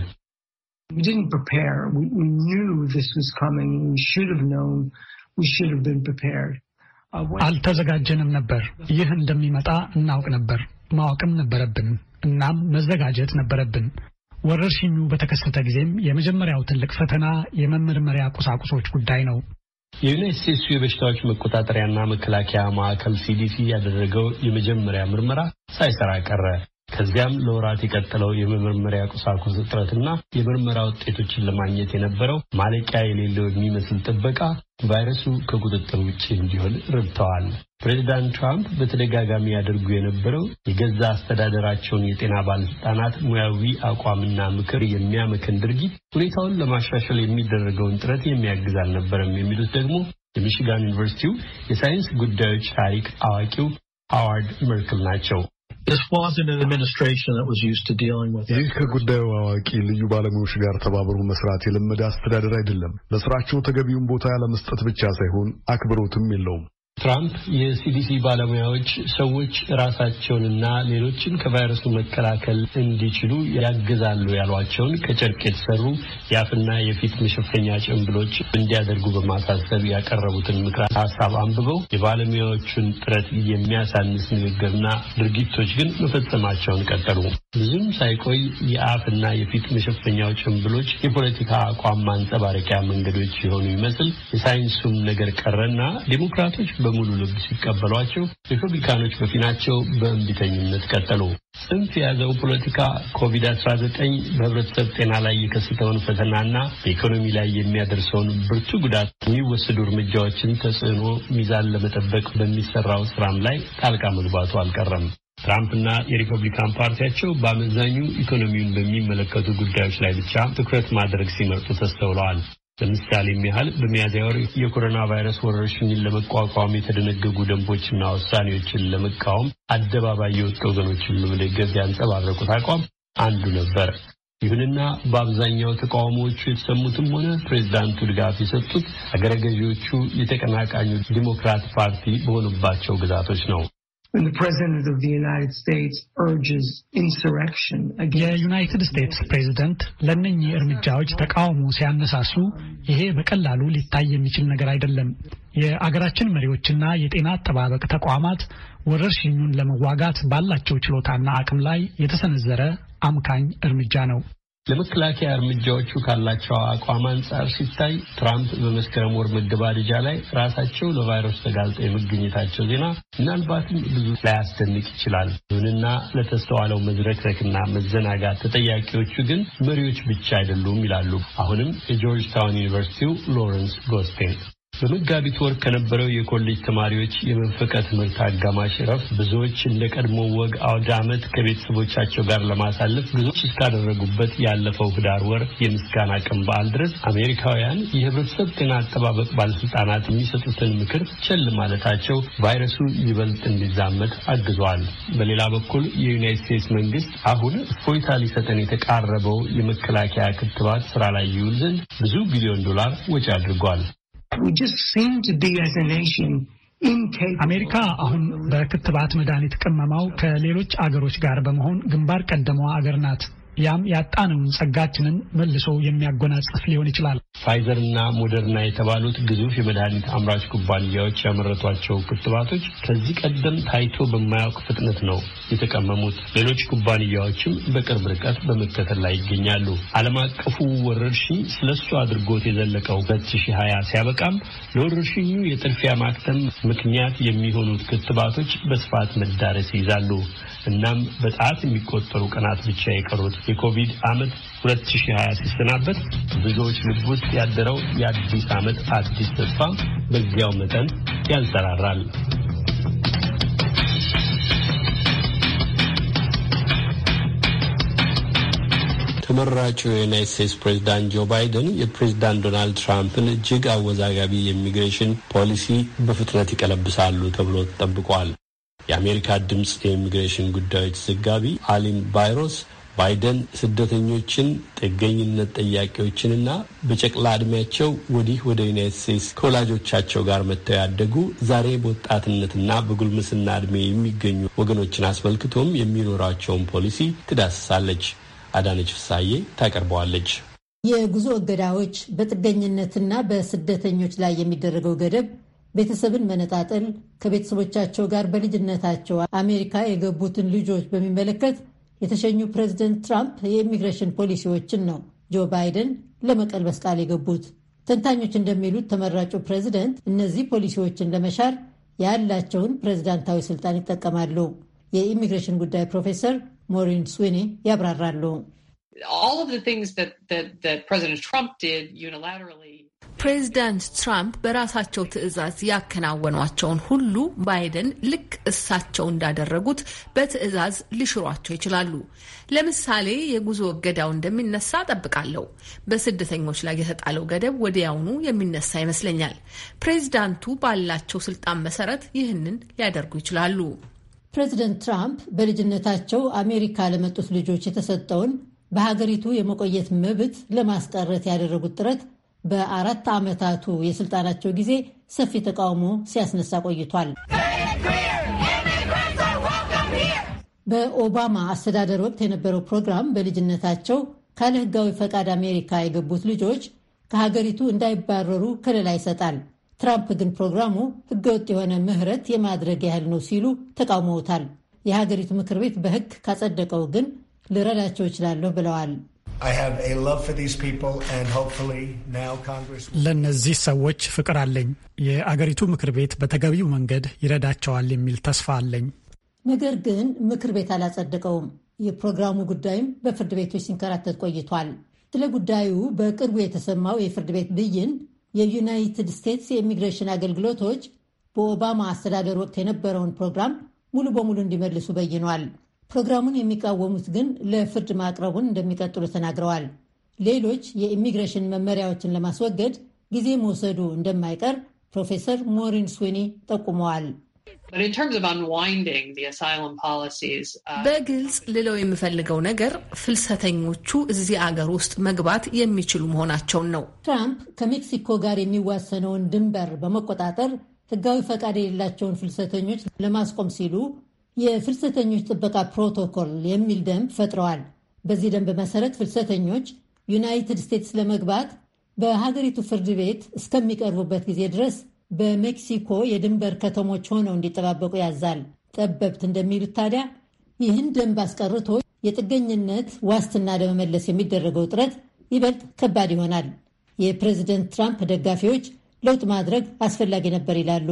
አልተዘጋጀንም ነበር። ይህ እንደሚመጣ እናውቅ ነበር፣ ማወቅም ነበረብን። እናም መዘጋጀት ነበረብን። ወረርሽኙ በተከሰተ ጊዜም የመጀመሪያው ትልቅ ፈተና የመመርመሪያ ቁሳቁሶች ጉዳይ ነው። የዩናይት ስቴትሱ የበሽታዎች መቆጣጠሪያና መከላከያ ማዕከል ሲዲሲ ያደረገው የመጀመሪያ ምርመራ ሳይሰራ ቀረ። ከዚያም ለወራት የቀጠለው የመመርመሪያ ቁሳቁስ እጥረትና የምርመራ ውጤቶችን ለማግኘት የነበረው ማለቂያ የሌለው የሚመስል ጥበቃ ቫይረሱ ከቁጥጥር ውጭ እንዲሆን ረድተዋል። ፕሬዚዳንት ትራምፕ በተደጋጋሚ ያደርጉ የነበረው የገዛ አስተዳደራቸውን የጤና ባለስልጣናት ሙያዊ አቋምና ምክር የሚያመክን ድርጊት ሁኔታውን ለማሻሻል የሚደረገውን ጥረት የሚያግዝ አልነበረም የሚሉት ደግሞ የሚሽጋን ዩኒቨርሲቲው የሳይንስ ጉዳዮች ታሪክ አዋቂው ሃዋርድ መርክል ናቸው። This wasn't an administration that was used to dealing with ይህ ከጉዳዩ አዋቂ ልዩ ባለሙያዎች ጋር ተባብሮ መስራት የለመደ አስተዳደር አይደለም። ለስራቸው ተገቢውን ቦታ ያለመስጠት ብቻ ሳይሆን አክብሮትም የለውም። ትራምፕ የሲዲሲ ባለሙያዎች ሰዎች ራሳቸውንና ሌሎችን ከቫይረሱ መከላከል እንዲችሉ ያግዛሉ ያሏቸውን ከጨርቅ የተሰሩ የአፍና የፊት መሸፈኛ ጭንብሎች እንዲያደርጉ በማሳሰብ ያቀረቡትን ምክረ ሀሳብ አንብበው የባለሙያዎቹን ጥረት የሚያሳንስ ንግግርና ድርጊቶች ግን መፈጸማቸውን ቀጠሉ። ብዙም ሳይቆይ የአፍና የፊት መሸፈኛው ጭንብሎች የፖለቲካ አቋም ማንጸባረቂያ መንገዶች የሆኑ ይመስል የሳይንሱም ነገር ቀረና ዴሞክራቶች በሙሉ ልብ ሲቀበሏቸው፣ ሪፐብሊካኖች በፊናቸው በእንቢተኝነት ቀጠሉ። ጽንፍ የያዘው ፖለቲካ ኮቪድ-19 በህብረተሰብ ጤና ላይ የከሰተውን ፈተናና በኢኮኖሚ ላይ የሚያደርሰውን ብርቱ ጉዳት የሚወሰዱ እርምጃዎችን ተጽዕኖ ሚዛን ለመጠበቅ በሚሰራው ስራም ላይ ጣልቃ መግባቱ አልቀረም። ትራምፕና የሪፐብሊካን ፓርቲያቸው በአመዛኙ ኢኮኖሚውን በሚመለከቱ ጉዳዮች ላይ ብቻ ትኩረት ማድረግ ሲመርጡ ተስተውለዋል። ለምሳሌም ያህል በሚያዝያ ወር የኮሮና ቫይረስ ወረርሽኝን ለመቋቋም የተደነገጉ ደንቦችና ውሳኔዎችን ለመቃወም አደባባይ የወጡ ወገኖችን በመደገፍ ያንጸባረቁት አቋም አንዱ ነበር። ይሁንና በአብዛኛው ተቃውሞዎቹ የተሰሙትም ሆነ ፕሬዚዳንቱ ድጋፍ የሰጡት አገረ ገዢዎቹ የተቀናቃኙ ዲሞክራት ፓርቲ በሆኑባቸው ግዛቶች ነው። የዩናይትድ ስቴትስ ፕሬዝደንት ለእነኚህ እርምጃዎች ተቃውሞ ሲያነሳሱ ይሄ በቀላሉ ሊታይ የሚችል ነገር አይደለም። የአገራችን መሪዎችና የጤና አጠባበቅ ተቋማት ወረርሽኙን ለመዋጋት ባላቸው ችሎታና አቅም ላይ የተሰነዘረ አምካኝ እርምጃ ነው። ለመከላከያ እርምጃዎቹ ካላቸው አቋም አንጻር ሲታይ ትራምፕ በመስከረም ወር መገባደጃ ላይ ራሳቸው ለቫይረሱ ተጋልጠው የመገኘታቸው ዜና ምናልባትም ብዙ ላያስደንቅ ይችላል። ይሁንና ለተስተዋለው መዝረክረክና መዘናጋት ተጠያቂዎቹ ግን መሪዎች ብቻ አይደሉም ይላሉ አሁንም የጆርጅ ታውን ዩኒቨርሲቲው ሎረንስ ጎስቴን በመጋቢት ወር ከነበረው የኮሌጅ ተማሪዎች የመንፈቀ ትምህርት አጋማሽ እረፍት ብዙዎች እንደ ቀድሞ ወግ አውደ ዓመት ከቤተሰቦቻቸው ጋር ለማሳለፍ ብዙዎች እስካደረጉበት ያለፈው ህዳር ወር የምስጋና ቀን በዓል ድረስ አሜሪካውያን የህብረተሰብ ጤና አጠባበቅ ባለስልጣናት የሚሰጡትን ምክር ቸል ማለታቸው ቫይረሱ ይበልጥ እንዲዛመት አግዟል። በሌላ በኩል የዩናይት ስቴትስ መንግስት አሁን እፎይታ ሊሰጠን የተቃረበው የመከላከያ ክትባት ስራ ላይ ይውል ዘንድ ብዙ ቢሊዮን ዶላር ወጪ አድርጓል። አሜሪካ አሁን በክትባት መድኃኒት ቅመማው ከሌሎች አገሮች ጋር በመሆን ግንባር ቀደመዋ አገር ናት። ያም ያጣነውን ጸጋችንን መልሶ የሚያጎናጽፍ ሊሆን ይችላል። ፋይዘርና ሞደርና የተባሉት ግዙፍ የመድኃኒት አምራች ኩባንያዎች ያመረቷቸው ክትባቶች ከዚህ ቀደም ታይቶ በማያውቅ ፍጥነት ነው የተቀመሙት። ሌሎች ኩባንያዎችም በቅርብ ርቀት በመከተል ላይ ይገኛሉ። ዓለም አቀፉ ወረርሽኝ ስለሱ አድርጎት የዘለቀው 2020 ሲያበቃም ለወረርሽኙ የጥርፊያ ማክተም ምክንያት የሚሆኑት ክትባቶች በስፋት መዳረስ ይይዛሉ። እናም በጣት የሚቆጠሩ ቀናት ብቻ የቀሩት የኮቪድ ዓመት 2020 ሲሰናበት ብዙዎች ልብ ውስጥ ያደረው የአዲስ ዓመት አዲስ ተስፋ በዚያው መጠን ያንሰራራል። ተመራጩ የዩናይት ስቴትስ ፕሬዚዳንት ጆ ባይደን የፕሬዚዳንት ዶናልድ ትራምፕን እጅግ አወዛጋቢ የኢሚግሬሽን ፖሊሲ በፍጥነት ይቀለብሳሉ ተብሎ ተጠብቋል። የአሜሪካ ድምፅ የኢሚግሬሽን ጉዳዮች ዘጋቢ አሊን ባይሮስ ባይደን ስደተኞችን፣ ጥገኝነት ጠያቂዎችንና በጨቅላ ዕድሜያቸው ወዲህ ወደ ዩናይት ስቴትስ ከወላጆቻቸው ጋር መጥተው ያደጉ ዛሬ በወጣትነትና በጉልምስና ዕድሜ የሚገኙ ወገኖችን አስመልክቶም የሚኖራቸውን ፖሊሲ ትዳስሳለች። አዳነች ፍሳዬ ታቀርበዋለች። የጉዞ እገዳዎች፣ በጥገኝነትና በስደተኞች ላይ የሚደረገው ገደብ ቤተሰብን መነጣጠል፣ ከቤተሰቦቻቸው ጋር በልጅነታቸው አሜሪካ የገቡትን ልጆች በሚመለከት የተሸኙ ፕሬዚደንት ትራምፕ የኢሚግሬሽን ፖሊሲዎችን ነው ጆ ባይደን ለመቀልበስ ቃል የገቡት። ተንታኞች እንደሚሉት ተመራጩ ፕሬዚደንት እነዚህ ፖሊሲዎችን ለመሻር ያላቸውን ፕሬዚዳንታዊ ስልጣን ይጠቀማሉ። የኢሚግሬሽን ጉዳይ ፕሮፌሰር ሞሪን ስዊኒ ያብራራሉ። ፕሬዚዳንት ትራምፕ በራሳቸው ትዕዛዝ ያከናወኗቸውን ሁሉ ባይደን ልክ እሳቸው እንዳደረጉት በትዕዛዝ ሊሽሯቸው ይችላሉ። ለምሳሌ የጉዞ እገዳው እንደሚነሳ ጠብቃለሁ። በስደተኞች ላይ የተጣለው ገደብ ወዲያውኑ የሚነሳ ይመስለኛል። ፕሬዚዳንቱ ባላቸው ስልጣን መሰረት ይህንን ሊያደርጉ ይችላሉ። ፕሬዚደንት ትራምፕ በልጅነታቸው አሜሪካ ለመጡት ልጆች የተሰጠውን በሀገሪቱ የመቆየት መብት ለማስቀረት ያደረጉት ጥረት በአራት ዓመታቱ የስልጣናቸው ጊዜ ሰፊ ተቃውሞ ሲያስነሳ ቆይቷል። በኦባማ አስተዳደር ወቅት የነበረው ፕሮግራም በልጅነታቸው ካለ ሕጋዊ ፈቃድ አሜሪካ የገቡት ልጆች ከሀገሪቱ እንዳይባረሩ ከለላ ይሰጣል። ትራምፕ ግን ፕሮግራሙ ሕገወጥ የሆነ ምህረት የማድረግ ያህል ነው ሲሉ ተቃውመውታል። የሀገሪቱ ምክር ቤት በሕግ ካጸደቀው ግን ልረዳቸው እችላለሁ ብለዋል። ለእነዚህ ሰዎች ፍቅር አለኝ። የአገሪቱ ምክር ቤት በተገቢው መንገድ ይረዳቸዋል የሚል ተስፋ አለኝ። ነገር ግን ምክር ቤት አላጸደቀውም። የፕሮግራሙ ጉዳይም በፍርድ ቤቶች ሲንከራተት ቆይቷል። ስለ ጉዳዩ በቅርቡ የተሰማው የፍርድ ቤት ብይን የዩናይትድ ስቴትስ የኢሚግሬሽን አገልግሎቶች በኦባማ አስተዳደር ወቅት የነበረውን ፕሮግራም ሙሉ በሙሉ እንዲመልሱ በይኗል። ፕሮግራሙን የሚቃወሙት ግን ለፍርድ ማቅረቡን እንደሚቀጥሉ ተናግረዋል። ሌሎች የኢሚግሬሽን መመሪያዎችን ለማስወገድ ጊዜ መውሰዱ እንደማይቀር ፕሮፌሰር ሞሪን ስዊኒ ጠቁመዋል። uh, በግልጽ ልለው የምፈልገው ነገር ፍልሰተኞቹ እዚህ አገር ውስጥ መግባት የሚችሉ መሆናቸውን ነው። ትራምፕ ከሜክሲኮ ጋር የሚዋሰነውን ድንበር በመቆጣጠር ሕጋዊ ፈቃድ የሌላቸውን ፍልሰተኞች ለማስቆም ሲሉ የፍልሰተኞች ጥበቃ ፕሮቶኮል የሚል ደንብ ፈጥረዋል። በዚህ ደንብ መሰረት ፍልሰተኞች ዩናይትድ ስቴትስ ለመግባት በሀገሪቱ ፍርድ ቤት እስከሚቀርቡበት ጊዜ ድረስ በሜክሲኮ የድንበር ከተሞች ሆነው እንዲጠባበቁ ያዛል። ጠበብት እንደሚሉት ታዲያ ይህን ደንብ አስቀርቶ የጥገኝነት ዋስትና ለመመለስ የሚደረገው ጥረት ይበልጥ ከባድ ይሆናል። የፕሬዚደንት ትራምፕ ደጋፊዎች ለውጥ ማድረግ አስፈላጊ ነበር ይላሉ።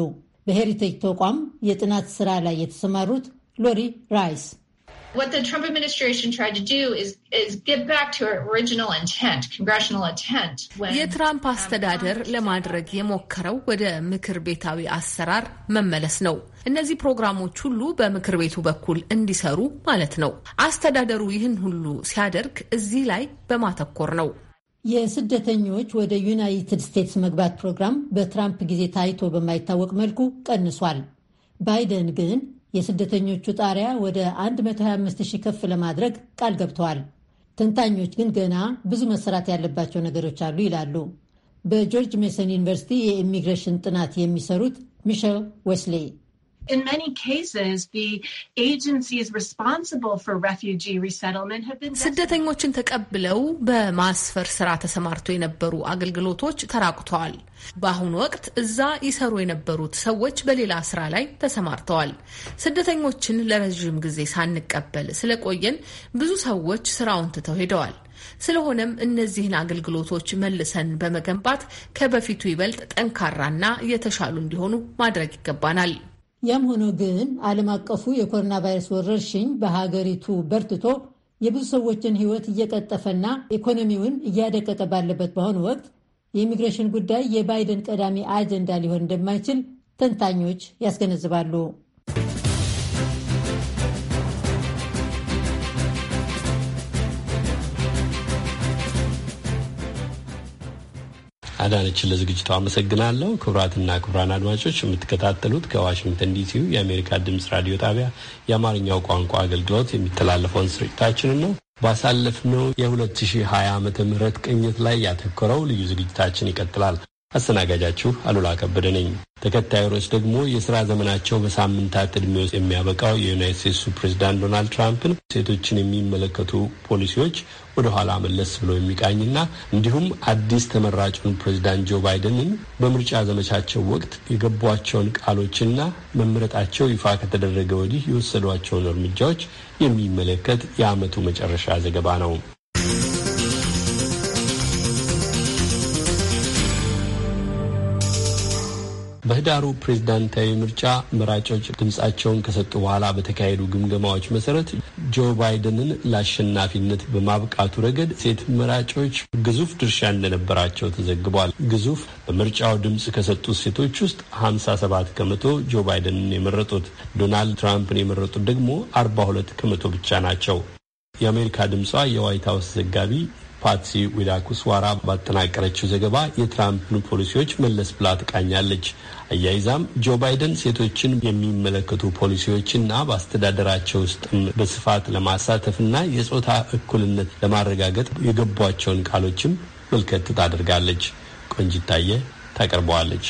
በሄሪቴጅ ተቋም የጥናት ስራ ላይ የተሰማሩት ሎሪ ራይስ What the Trump administration tried to do is, is get back to our original intent, congressional intent. የትራምፕ um, አስተዳደር ለማድረግ የሞከረው ወደ ምክር ቤታዊ አሰራር መመለስ ነው። እነዚህ ፕሮግራሞች ሁሉ በምክር ቤቱ በኩል እንዲሰሩ ማለት ነው። አስተዳደሩ ይህን ሁሉ ሲያደርግ እዚህ ላይ በማተኮር ነው። የስደተኞች ወደ ዩናይትድ ስቴትስ መግባት ፕሮግራም በትራምፕ ጊዜ ታይቶ በማይታወቅ መልኩ ቀንሷል። ባይደን ግን የስደተኞቹ ጣሪያ ወደ 125,000 ከፍ ለማድረግ ቃል ገብተዋል። ተንታኞች ግን ገና ብዙ መሰራት ያለባቸው ነገሮች አሉ ይላሉ። በጆርጅ ሜሰን ዩኒቨርሲቲ የኢሚግሬሽን ጥናት የሚሰሩት ሚሸል ዌስሌይ In many cases, the agencies responsible for refugee resettlement have been ስደተኞችን ተቀብለው በማስፈር ስራ ተሰማርተው የነበሩ አገልግሎቶች ተራቁተዋል። በአሁኑ ወቅት እዛ ይሰሩ የነበሩት ሰዎች በሌላ ስራ ላይ ተሰማርተዋል። ስደተኞችን ለረዥም ጊዜ ሳንቀበል ስለቆየን ብዙ ሰዎች ስራውን ትተው ሄደዋል። ስለሆነም እነዚህን አገልግሎቶች መልሰን በመገንባት ከበፊቱ ይበልጥ ጠንካራና የተሻሉ እንዲሆኑ ማድረግ ይገባናል። ያም ሆኖ ግን ዓለም አቀፉ የኮሮና ቫይረስ ወረርሽኝ በሀገሪቱ በርትቶ የብዙ ሰዎችን ሕይወት እየቀጠፈና ኢኮኖሚውን እያደቀቀ ባለበት በአሁኑ ወቅት የኢሚግሬሽን ጉዳይ የባይደን ቀዳሚ አጀንዳ ሊሆን እንደማይችል ተንታኞች ያስገነዝባሉ። አዳነችን ለዝግጅቱ አመሰግናለሁ። ክቡራትና ክቡራን አድማጮች የምትከታተሉት ከዋሽንግተን ዲሲው የአሜሪካ ድምጽ ራዲዮ ጣቢያ የአማርኛው ቋንቋ አገልግሎት የሚተላለፈውን ስርጭታችንን ነው። ባሳለፍነው የ2020 ዓመተ ምህረት ቅኝት ላይ ያተኮረው ልዩ ዝግጅታችን ይቀጥላል። አስተናጋጃችሁ አሉላ ከበደ ነኝ። ተከታዩ ርዕስ ደግሞ የስራ ዘመናቸው በሳምንታት እድሜ ውስጥ የሚያበቃው የዩናይት ስቴትሱ ፕሬዚዳንት ዶናልድ ትራምፕን ሴቶችን የሚመለከቱ ፖሊሲዎች ወደ ኋላ መለስ ብሎ የሚቃኝና እንዲሁም አዲስ ተመራጩን ፕሬዚዳንት ጆ ባይደንን በምርጫ ዘመቻቸው ወቅት የገቧቸውን ቃሎችና መምረጣቸው ይፋ ከተደረገ ወዲህ የወሰዷቸውን እርምጃዎች የሚመለከት የዓመቱ መጨረሻ ዘገባ ነው። በህዳሩ ፕሬዝዳንታዊ ምርጫ መራጮች ድምፃቸውን ከሰጡ በኋላ በተካሄዱ ግምገማዎች መሰረት ጆ ባይደንን ለአሸናፊነት በማብቃቱ ረገድ ሴት መራጮች ግዙፍ ድርሻ እንደነበራቸው ተዘግቧል። ግዙፍ በምርጫው ድምፅ ከሰጡት ሴቶች ውስጥ 57 ከመቶ ጆ ባይደንን የመረጡት፣ ዶናልድ ትራምፕን የመረጡት ደግሞ 42 ከመቶ ብቻ ናቸው። የአሜሪካ ድምጿ የዋይት ሀውስ ዘጋቢ ፓትሲ ዋራ ባጠናቀረችው ዘገባ የትራምፕን ፖሊሲዎች መለስ ብላ ትቃኛለች። አያይዛም ጆ ባይደን ሴቶችን የሚመለከቱ ፖሊሲዎችና በአስተዳደራቸው ውስጥም በስፋት ለማሳተፍና የጾታ እኩልነት ለማረጋገጥ የገቧቸውን ቃሎችም መልከት ታደርጋለች። ቆንጅታየ ታቀርበዋለች።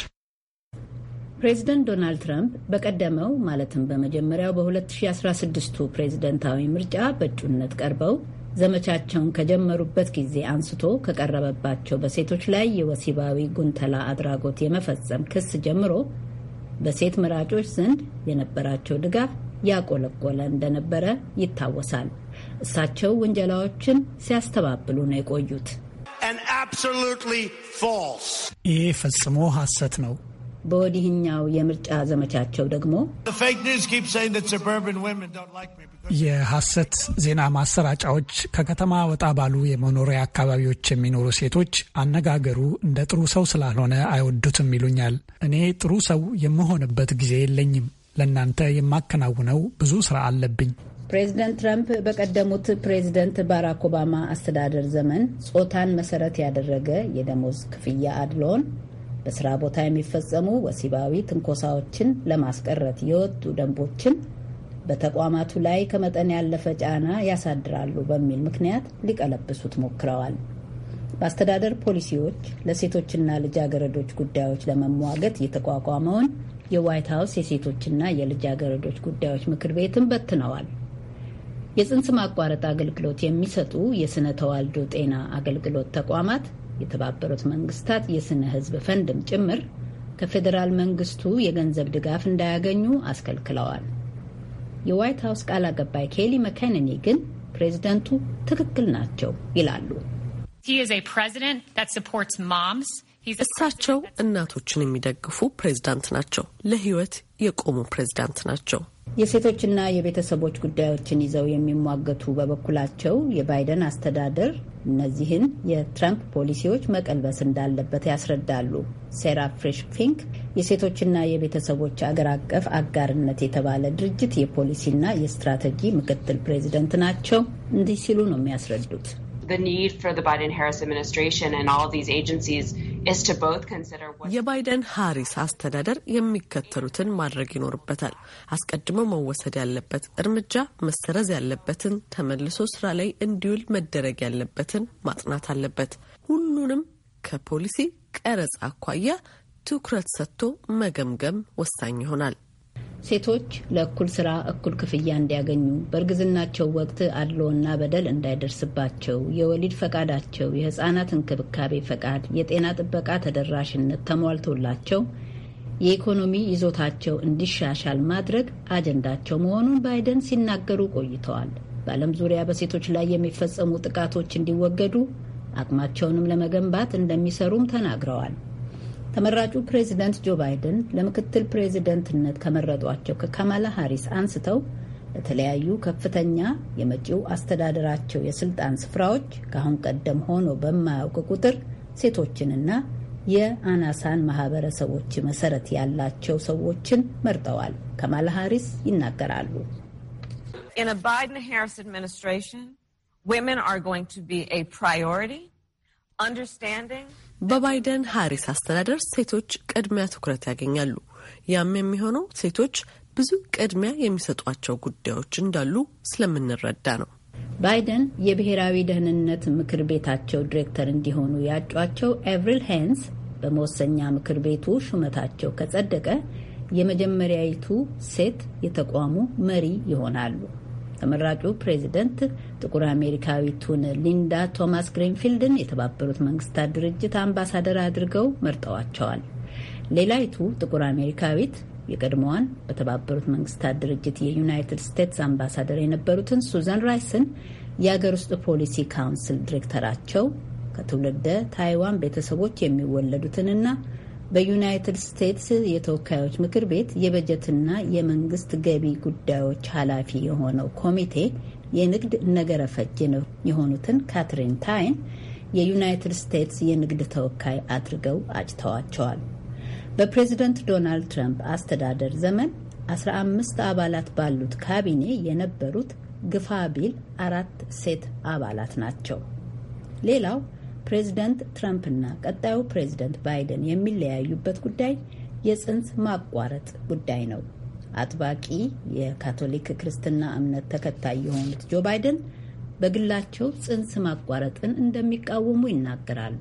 ፕሬዚደንት ዶናልድ ትራምፕ በቀደመው ማለትም በመጀመሪያው በ2016ቱ ፕሬዚደንታዊ ምርጫ በእጩነት ቀርበው ዘመቻቸውን ከጀመሩበት ጊዜ አንስቶ ከቀረበባቸው በሴቶች ላይ የወሲባዊ ጉንተላ አድራጎት የመፈጸም ክስ ጀምሮ በሴት መራጮች ዘንድ የነበራቸው ድጋፍ ያቆለቆለ እንደነበረ ይታወሳል። እሳቸው ውንጀላዎችን ሲያስተባብሉ ነው የቆዩት። ይህ ፈጽሞ ሐሰት ነው በወዲህኛው የምርጫ ዘመቻቸው ደግሞ የሐሰት ዜና ማሰራጫዎች ከከተማ ወጣ ባሉ የመኖሪያ አካባቢዎች የሚኖሩ ሴቶች አነጋገሩ እንደ ጥሩ ሰው ስላልሆነ አይወዱትም ይሉኛል። እኔ ጥሩ ሰው የምሆንበት ጊዜ የለኝም። ለእናንተ የማከናውነው ብዙ ስራ አለብኝ። ፕሬዚደንት ትራምፕ በቀደሙት ፕሬዚደንት ባራክ ኦባማ አስተዳደር ዘመን ጾታን መሰረት ያደረገ የደሞዝ ክፍያ አድሎን በስራ ቦታ የሚፈጸሙ ወሲባዊ ትንኮሳዎችን ለማስቀረት የወጡ ደንቦችን በተቋማቱ ላይ ከመጠን ያለፈ ጫና ያሳድራሉ በሚል ምክንያት ሊቀለብሱት ሞክረዋል። በአስተዳደር ፖሊሲዎች ለሴቶችና ልጃገረዶች ጉዳዮች ለመሟገት የተቋቋመውን የዋይት ሀውስ የሴቶችና የልጃገረዶች ጉዳዮች ምክር ቤትን በትነዋል። የጽንስ ማቋረጥ አገልግሎት የሚሰጡ የስነ ተዋልዶ ጤና አገልግሎት ተቋማት የተባበሩት መንግስታት የስነ ህዝብ ፈንድም ጭምር ከፌዴራል መንግስቱ የገንዘብ ድጋፍ እንዳያገኙ አስከልክለዋል። የዋይት ሀውስ ቃል አቀባይ ኬሊ መከነኒ ግን ፕሬዚደንቱ ትክክል ናቸው ይላሉ። እሳቸው እናቶችን የሚደግፉ ፕሬዝዳንት ናቸው። ለህይወት የቆሙ ፕሬዝዳንት ናቸው። የሴቶችና የቤተሰቦች ጉዳዮችን ይዘው የሚሟገቱ በበኩላቸው የባይደን አስተዳደር እነዚህን የትራምፕ ፖሊሲዎች መቀልበስ እንዳለበት ያስረዳሉ። ሴራ ፍሬሽ ፊንክ የሴቶችና የቤተሰቦች አገር አቀፍ አጋርነት የተባለ ድርጅት የፖሊሲና የስትራቴጂ ምክትል ፕሬዚደንት ናቸው። እንዲህ ሲሉ ነው የሚያስረዱት። የባይደን ሃሪስ አስተዳደር የሚከተሉትን ማድረግ ይኖርበታል። አስቀድሞ መወሰድ ያለበት እርምጃ መሰረዝ ያለበትን፣ ተመልሶ ስራ ላይ እንዲውል መደረግ ያለበትን ማጥናት አለበት። ሁሉንም ከፖሊሲ ቀረጽ አኳያ ትኩረት ሰጥቶ መገምገም ወሳኝ ይሆናል። ሴቶች ለእኩል ስራ እኩል ክፍያ እንዲያገኙ፣ በእርግዝናቸው ወቅት አድሎና በደል እንዳይደርስባቸው፣ የወሊድ ፈቃዳቸው፣ የህፃናት እንክብካቤ ፈቃድ፣ የጤና ጥበቃ ተደራሽነት ተሟልቶላቸው የኢኮኖሚ ይዞታቸው እንዲሻሻል ማድረግ አጀንዳቸው መሆኑን ባይደን ሲናገሩ ቆይተዋል። በዓለም ዙሪያ በሴቶች ላይ የሚፈጸሙ ጥቃቶች እንዲወገዱ አቅማቸውንም ለመገንባት እንደሚሰሩም ተናግረዋል። ተመራጩ ፕሬዚደንት ጆ ባይደን ለምክትል ፕሬዚደንትነት ከመረጧቸው ከካማላ ሃሪስ አንስተው ለተለያዩ ከፍተኛ የመጪው አስተዳደራቸው የስልጣን ስፍራዎች ከአሁን ቀደም ሆኖ በማያውቅ ቁጥር ሴቶችንና የአናሳን ማህበረሰቦች መሰረት ያላቸው ሰዎችን መርጠዋል። ካማላ ሃሪስ ይናገራሉ። በባይደን ሀሪስ አስተዳደር ሴቶች ቅድሚያ ትኩረት ያገኛሉ። ያም የሚሆነው ሴቶች ብዙ ቅድሚያ የሚሰጧቸው ጉዳዮች እንዳሉ ስለምንረዳ ነው። ባይደን የብሔራዊ ደህንነት ምክር ቤታቸው ዲሬክተር እንዲሆኑ ያጯቸው ኤቭሪል ሄንስ በመወሰኛ ምክር ቤቱ ሹመታቸው ከጸደቀ የመጀመሪያይቱ ሴት የተቋሙ መሪ ይሆናሉ። ተመራጩ ፕሬዚደንት ጥቁር አሜሪካዊቱን ሊንዳ ቶማስ ግሪንፊልድን የተባበሩት መንግስታት ድርጅት አምባሳደር አድርገው መርጠዋቸዋል። ሌላይቱ ጥቁር አሜሪካዊት የቀድሞዋን በተባበሩት መንግስታት ድርጅት የዩናይትድ ስቴትስ አምባሳደር የነበሩትን ሱዛን ራይስን የአገር ውስጥ ፖሊሲ ካውንስል ዲሬክተራቸው ከትውልደ ታይዋን ቤተሰቦች የሚወለዱትንና በዩናይትድ ስቴትስ የተወካዮች ምክር ቤት የበጀትና የመንግስት ገቢ ጉዳዮች ኃላፊ የሆነው ኮሚቴ የንግድ ነገረ ፈጅ ነው የሆኑትን ካትሪን ታይን የዩናይትድ ስቴትስ የንግድ ተወካይ አድርገው አጭተዋቸዋል። በፕሬዝደንት ዶናልድ ትራምፕ አስተዳደር ዘመን 15 አባላት ባሉት ካቢኔ የነበሩት ግፋ ቢል አራት ሴት አባላት ናቸው። ሌላው ፕሬዚደንት ትራምፕና ቀጣዩ ፕሬዚደንት ባይደን የሚለያዩበት ጉዳይ የጽንስ ማቋረጥ ጉዳይ ነው። አጥባቂ የካቶሊክ ክርስትና እምነት ተከታይ የሆኑት ጆ ባይደን በግላቸው ጽንስ ማቋረጥን እንደሚቃወሙ ይናገራሉ።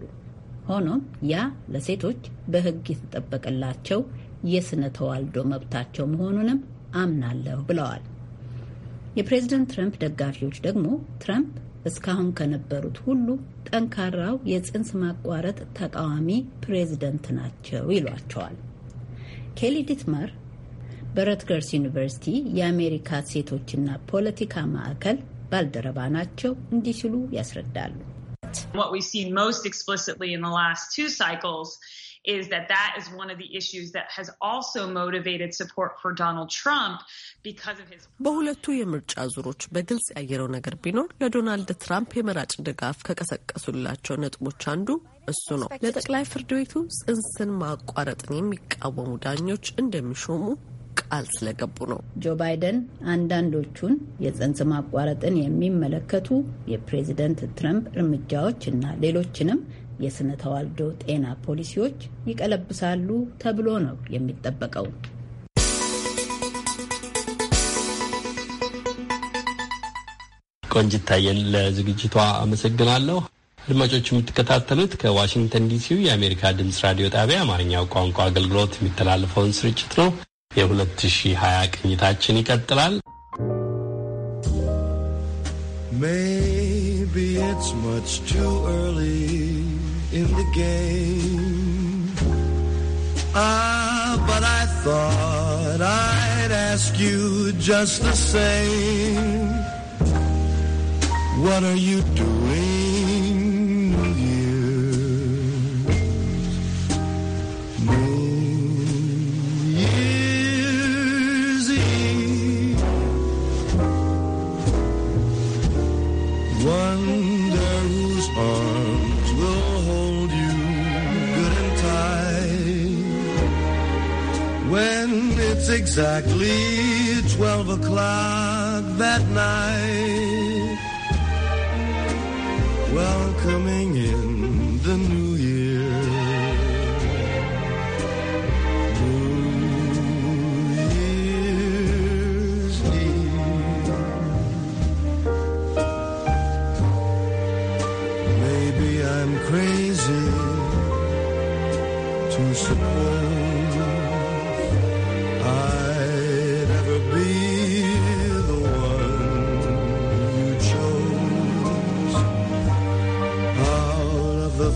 ሆኖም ያ ለሴቶች በሕግ የተጠበቀላቸው የስነ ተዋልዶ መብታቸው መሆኑንም አምናለሁ ብለዋል። የፕሬዝደንት ትረምፕ ደጋፊዎች ደግሞ ትረምፕ እስካሁን ከነበሩት ሁሉ ጠንካራው የጽንስ ማቋረጥ ተቃዋሚ ፕሬዝደንት ናቸው ይሏቸዋል። ኬሊ ዲትመር በረትገርስ ዩኒቨርሲቲ የአሜሪካ ሴቶችና ፖለቲካ ማዕከል ባልደረባ ናቸው። እንዲህ ሲሉ ያስረዳሉ። is that that is one of the issues that has also motivated support for Donald Trump because of his በሁለቱ የምርጫ ዙሮች በግልጽ ያየረው ነገር ቢኖር ለዶናልድ ትራምፕ የመራጭ ድጋፍ ከቀሰቀሱላቸው ነጥቦች አንዱ እሱ ነው። ለጠቅላይ ፍርድ ቤቱ ጽንስን ማቋረጥን የሚቃወሙ ዳኞች እንደሚሾሙ ቃል ስለገቡ ነው። ጆ ባይደን አንዳንዶቹን የጽንስ ማቋረጥን የሚመለከቱ የፕሬዚደንት ትረምፕ እርምጃዎች እና ሌሎችንም የስነ ተዋልዶ ጤና ፖሊሲዎች ይቀለብሳሉ ተብሎ ነው የሚጠበቀው። ታየን ለዝግጅቷ አመሰግናለሁ። አድማጮች የምትከታተሉት ከዋሽንግተን ዲሲው የአሜሪካ ድምፅ ራዲዮ ጣቢያ አማርኛው ቋንቋ አገልግሎት የሚተላለፈውን ስርጭት ነው። የ2020 ቅኝታችን ይቀጥላል። Maybe it's much too early in the game. Ah, but I thought I'd ask you just the same. What are you doing? It's exactly twelve o'clock that night. Welcoming in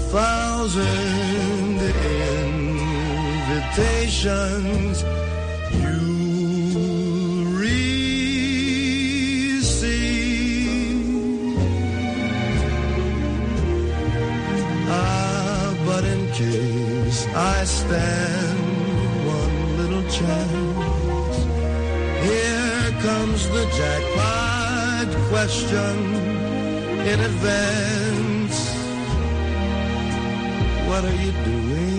thousand invitations you receive. Ah, but in case I stand one little chance, here comes the jackpot question in advance what are you doing?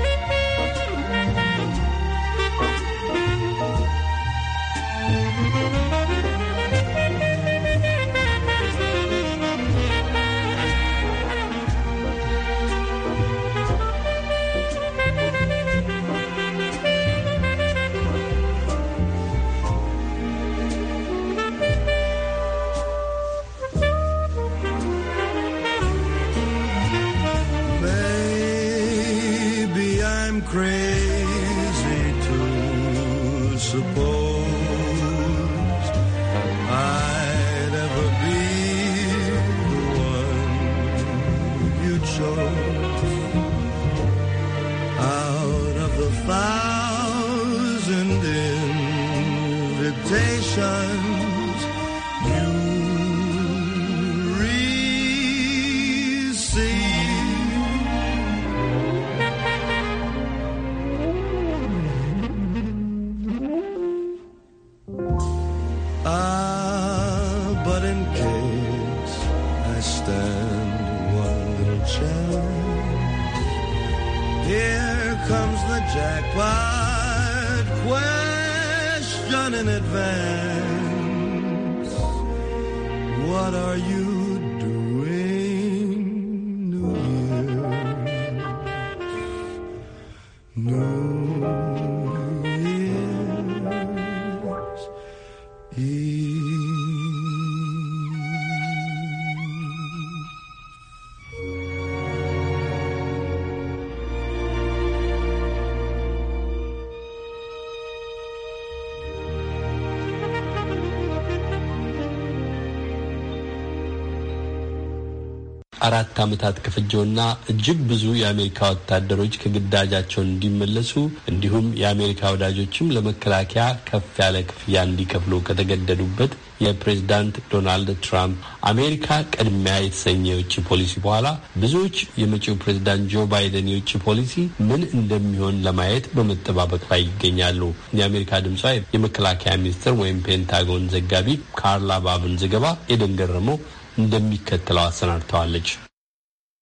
አራት ዓመታት ከፈጀውና እጅግ ብዙ የአሜሪካ ወታደሮች ከግዳጃቸው እንዲመለሱ እንዲሁም የአሜሪካ ወዳጆችም ለመከላከያ ከፍ ያለ ክፍያ እንዲከፍሉ ከተገደዱበት የፕሬዚዳንት ዶናልድ ትራምፕ አሜሪካ ቅድሚያ የተሰኘ የውጭ ፖሊሲ በኋላ ብዙዎች የመጪው ፕሬዚዳንት ጆ ባይደን የውጭ ፖሊሲ ምን እንደሚሆን ለማየት በመጠባበቅ ላይ ይገኛሉ። የአሜሪካ ድምጿ የመከላከያ ሚኒስቴር ወይም ፔንታጎን ዘጋቢ ካርላ ባብን ዘገባ የደንገረመው እንደሚከተለው አሰናድተዋለች።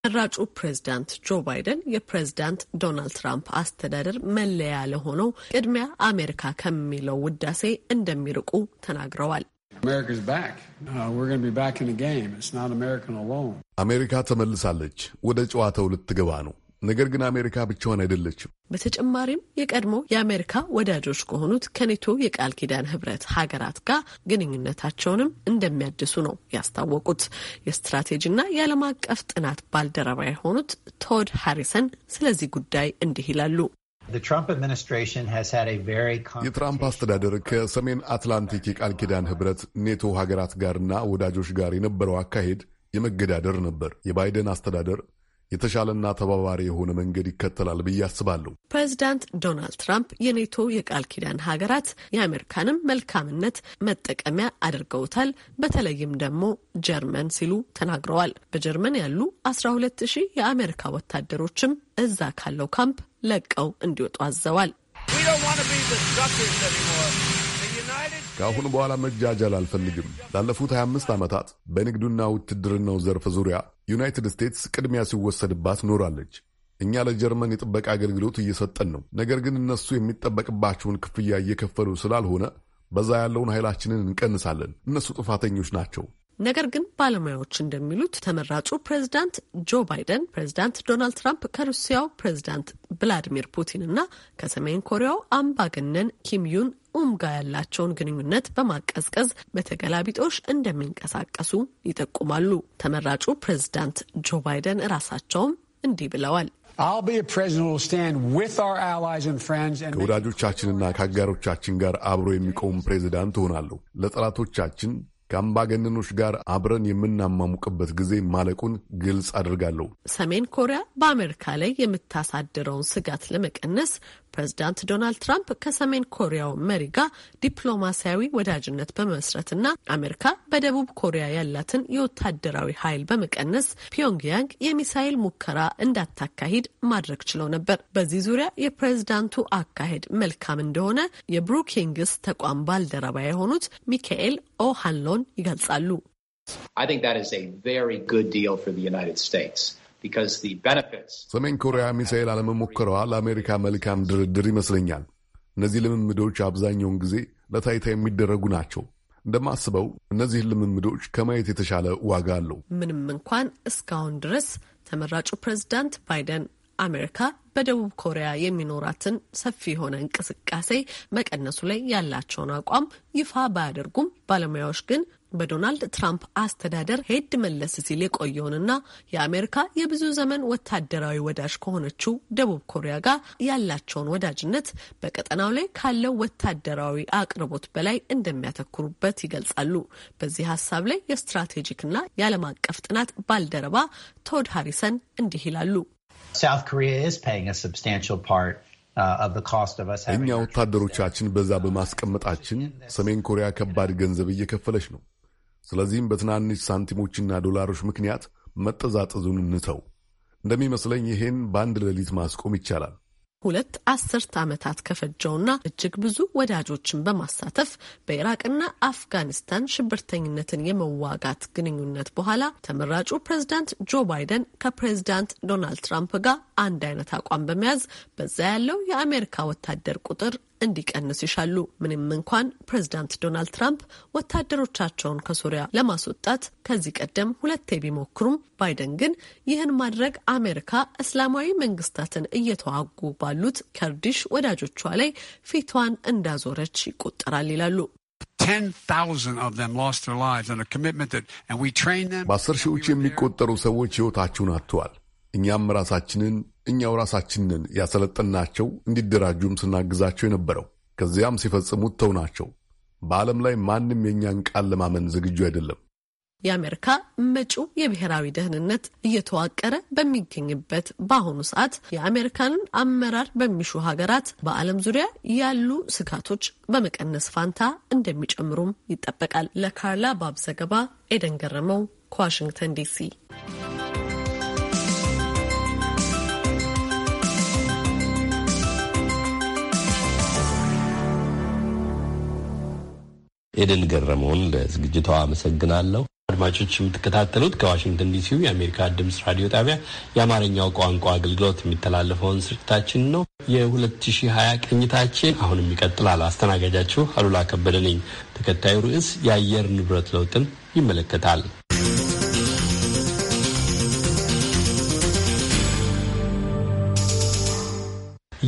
ተመራጩ ፕሬዝዳንት ጆ ባይደን የፕሬዝዳንት ዶናልድ ትራምፕ አስተዳደር መለያ ለሆነው ቅድሚያ አሜሪካ ከሚለው ውዳሴ እንደሚርቁ ተናግረዋል። uh, አሜሪካ ተመልሳለች፣ ወደ ጨዋታው ልትገባ ነው። ነገር ግን አሜሪካ ብቻዋን አይደለችም። በተጨማሪም የቀድሞ የአሜሪካ ወዳጆች ከሆኑት ከኔቶ የቃል ኪዳን ህብረት ሀገራት ጋር ግንኙነታቸውንም እንደሚያድሱ ነው ያስታወቁት። የስትራቴጂና የዓለም አቀፍ ጥናት ባልደረባ የሆኑት ቶድ ሃሪሰን ስለዚህ ጉዳይ እንዲህ ይላሉ። የትራምፕ አስተዳደር ከሰሜን አትላንቲክ የቃል ኪዳን ህብረት ኔቶ ሀገራት ጋርና ወዳጆች ጋር የነበረው አካሄድ የመገዳደር ነበር። የባይደን አስተዳደር የተሻለና ተባባሪ የሆነ መንገድ ይከተላል ብዬ አስባለሁ። ፕሬዚዳንት ዶናልድ ትራምፕ የኔቶ የቃል ኪዳን ሀገራት የአሜሪካንም መልካምነት መጠቀሚያ አድርገውታል፣ በተለይም ደግሞ ጀርመን ሲሉ ተናግረዋል። በጀርመን ያሉ 12 ሺህ የአሜሪካ ወታደሮችም እዛ ካለው ካምፕ ለቀው እንዲወጡ አዘዋል። ከአሁን በኋላ መጃጃል አልፈልግም። ላለፉት 25 ዓመታት በንግዱና ውትድርናው ዘርፍ ዙሪያ ዩናይትድ ስቴትስ ቅድሚያ ሲወሰድባት ኖራለች። እኛ ለጀርመን የጥበቃ አገልግሎት እየሰጠን ነው። ነገር ግን እነሱ የሚጠበቅባቸውን ክፍያ እየከፈሉ ስላልሆነ በዛ ያለውን ኃይላችንን እንቀንሳለን። እነሱ ጥፋተኞች ናቸው። ነገር ግን ባለሙያዎች እንደሚሉት ተመራጩ ፕሬዚዳንት ጆ ባይደን ፕሬዚዳንት ዶናልድ ትራምፕ ከሩሲያው ፕሬዚዳንት ቭላዲሚር ፑቲን እና ከሰሜን ኮሪያው አምባገነን ኪም ዩን ኡም ጋር ያላቸውን ግንኙነት በማቀዝቀዝ በተገላቢጦሽ እንደሚንቀሳቀሱ ይጠቁማሉ። ተመራጩ ፕሬዚዳንት ጆ ባይደን ራሳቸውም እንዲህ ብለዋል። ከወዳጆቻችንና ከአጋሮቻችን ጋር አብሮ የሚቆም ፕሬዚዳንት እሆናለሁ። ለጠላቶቻችን ከአምባገነኖች ጋር አብረን የምናማሙቅበት ጊዜ ማለቁን ግልጽ አድርጋለሁ። ሰሜን ኮሪያ በአሜሪካ ላይ የምታሳድረውን ስጋት ለመቀነስ ፕሬዚዳንት ዶናልድ ትራምፕ ከሰሜን ኮሪያው መሪ ጋር ዲፕሎማሲያዊ ወዳጅነት በመመስረትና አሜሪካ በደቡብ ኮሪያ ያላትን የወታደራዊ ኃይል በመቀነስ ፒዮንግያንግ የሚሳይል ሙከራ እንዳታካሂድ ማድረግ ችለው ነበር። በዚህ ዙሪያ የፕሬዚዳንቱ አካሄድ መልካም እንደሆነ የብሩኪንግስ ተቋም ባልደረባ የሆኑት ሚካኤል ኦሃንሎን ይገልጻሉ። I think that is a very good deal for the United States. ሰሜን ኮሪያ ሚሳኤል አለመሞከሯ ለአሜሪካ መልካም ድርድር ይመስለኛል። እነዚህ ልምምዶች አብዛኛውን ጊዜ ለታይታ የሚደረጉ ናቸው። እንደማስበው እነዚህን ልምምዶች ከማየት የተሻለ ዋጋ አለው። ምንም እንኳን እስካሁን ድረስ ተመራጩ ፕሬዝዳንት ባይደን አሜሪካ በደቡብ ኮሪያ የሚኖራትን ሰፊ የሆነ እንቅስቃሴ መቀነሱ ላይ ያላቸውን አቋም ይፋ ባያደርጉም ባለሙያዎች ግን በዶናልድ ትራምፕ አስተዳደር ሄድ መለስ ሲል የቆየውንና የአሜሪካ የብዙ ዘመን ወታደራዊ ወዳጅ ከሆነችው ደቡብ ኮሪያ ጋር ያላቸውን ወዳጅነት በቀጠናው ላይ ካለው ወታደራዊ አቅርቦት በላይ እንደሚያተኩሩበት ይገልጻሉ። በዚህ ሀሳብ ላይ የስትራቴጂክና የዓለም አቀፍ ጥናት ባልደረባ ቶድ ሃሪሰን እንዲህ ይላሉ። uh, እኛ ወታደሮቻችን በዛ በማስቀመጣችን ሰሜን ኮሪያ ከባድ ገንዘብ እየከፈለች ነው። ስለዚህም በትናንሽ ሳንቲሞችና ዶላሮች ምክንያት መጠዛጠዙን እንተው። እንደሚመስለኝ ይሄን በአንድ ሌሊት ማስቆም ይቻላል። ሁለት አስርት ዓመታት ከፈጀውና እጅግ ብዙ ወዳጆችን በማሳተፍ በኢራቅና አፍጋኒስታን ሽብርተኝነትን የመዋጋት ግንኙነት በኋላ ተመራጩ ፕሬዚዳንት ጆ ባይደን ከፕሬዚዳንት ዶናልድ ትራምፕ ጋር አንድ አይነት አቋም በመያዝ በዛ ያለው የአሜሪካ ወታደር ቁጥር እንዲቀንስ ይሻሉ። ምንም እንኳን ፕሬዚዳንት ዶናልድ ትራምፕ ወታደሮቻቸውን ከሶሪያ ለማስወጣት ከዚህ ቀደም ሁለቴ ቢሞክሩም ባይደን ግን ይህን ማድረግ አሜሪካ እስላማዊ መንግስታትን እየተዋጉ ባሉት ከርዲሽ ወዳጆቿ ላይ ፊቷን እንዳዞረች ይቆጠራል ይላሉ። በአስር ሺዎች የሚቆጠሩ ሰዎች ሕይወታቸውን አጥተዋል። እኛም ራሳችንን እኛው ራሳችንን ያሰለጠናቸው እንዲደራጁም ስናግዛቸው የነበረው። ከዚያም ሲፈጽሙት ተው ናቸው። በዓለም ላይ ማንም የእኛን ቃል ለማመን ዝግጁ አይደለም። የአሜሪካ መጪው የብሔራዊ ደህንነት እየተዋቀረ በሚገኝበት በአሁኑ ሰዓት የአሜሪካንን አመራር በሚሹ ሀገራት በዓለም ዙሪያ ያሉ ስጋቶች በመቀነስ ፋንታ እንደሚጨምሩም ይጠበቃል። ለካርላ ባብ ዘገባ ኤደን ገረመው ከዋሽንግተን ዲሲ ኤደን ገረመውን ለዝግጅቷ አመሰግናለሁ። አድማጮች የምትከታተሉት ከዋሽንግተን ዲሲው የአሜሪካ ድምፅ ራዲዮ ጣቢያ የአማርኛው ቋንቋ አገልግሎት የሚተላለፈውን ስርጭታችን ነው። የ2020 ቅኝታችን አሁንም ይቀጥላል። አስተናጋጃችሁ አሉላ ከበደ ነኝ። ተከታዩ ርዕስ የአየር ንብረት ለውጥን ይመለከታል።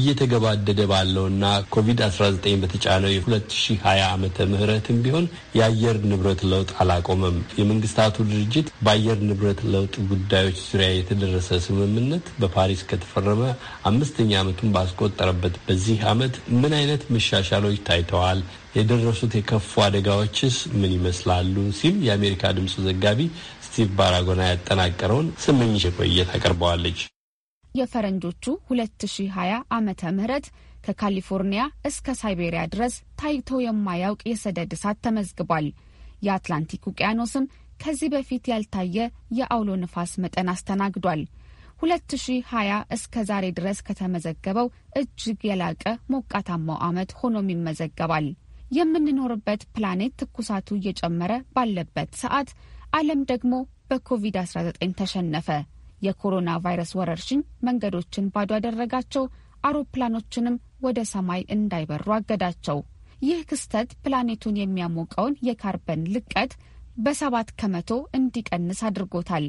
እየተገባደደ ባለውና ኮቪድ-19 በተጫነው የ2020 ዓመተ ምህረትም ቢሆን የአየር ንብረት ለውጥ አላቆመም። የመንግስታቱ ድርጅት በአየር ንብረት ለውጥ ጉዳዮች ዙሪያ የተደረሰ ስምምነት በፓሪስ ከተፈረመ አምስተኛ ዓመቱን ባስቆጠረበት በዚህ ዓመት ምን አይነት መሻሻሎች ታይተዋል? የደረሱት የከፉ አደጋዎችስ ምን ይመስላሉ? ሲል የአሜሪካ ድምፅ ዘጋቢ ስቲቭ ባራጎና ያጠናቀረውን ስምኝሽ ቆየት አቀርበዋለች። የፈረንጆቹ 2020 ዓመተ ምህረት ከካሊፎርኒያ እስከ ሳይቤሪያ ድረስ ታይቶ የማያውቅ የሰደድ እሳት ተመዝግቧል። የአትላንቲክ ውቅያኖስም ከዚህ በፊት ያልታየ የአውሎ ንፋስ መጠን አስተናግዷል። 2020 እስከ ዛሬ ድረስ ከተመዘገበው እጅግ የላቀ ሞቃታማው ዓመት ሆኖም ይመዘገባል። የምንኖርበት ፕላኔት ትኩሳቱ እየጨመረ ባለበት ሰዓት ዓለም ደግሞ በኮቪድ-19 ተሸነፈ። የኮሮና ቫይረስ ወረርሽኝ መንገዶችን ባዶ ያደረጋቸው፣ አውሮፕላኖችንም ወደ ሰማይ እንዳይበሩ አገዳቸው። ይህ ክስተት ፕላኔቱን የሚያሞቀውን የካርበን ልቀት በሰባት ከመቶ እንዲቀንስ አድርጎታል።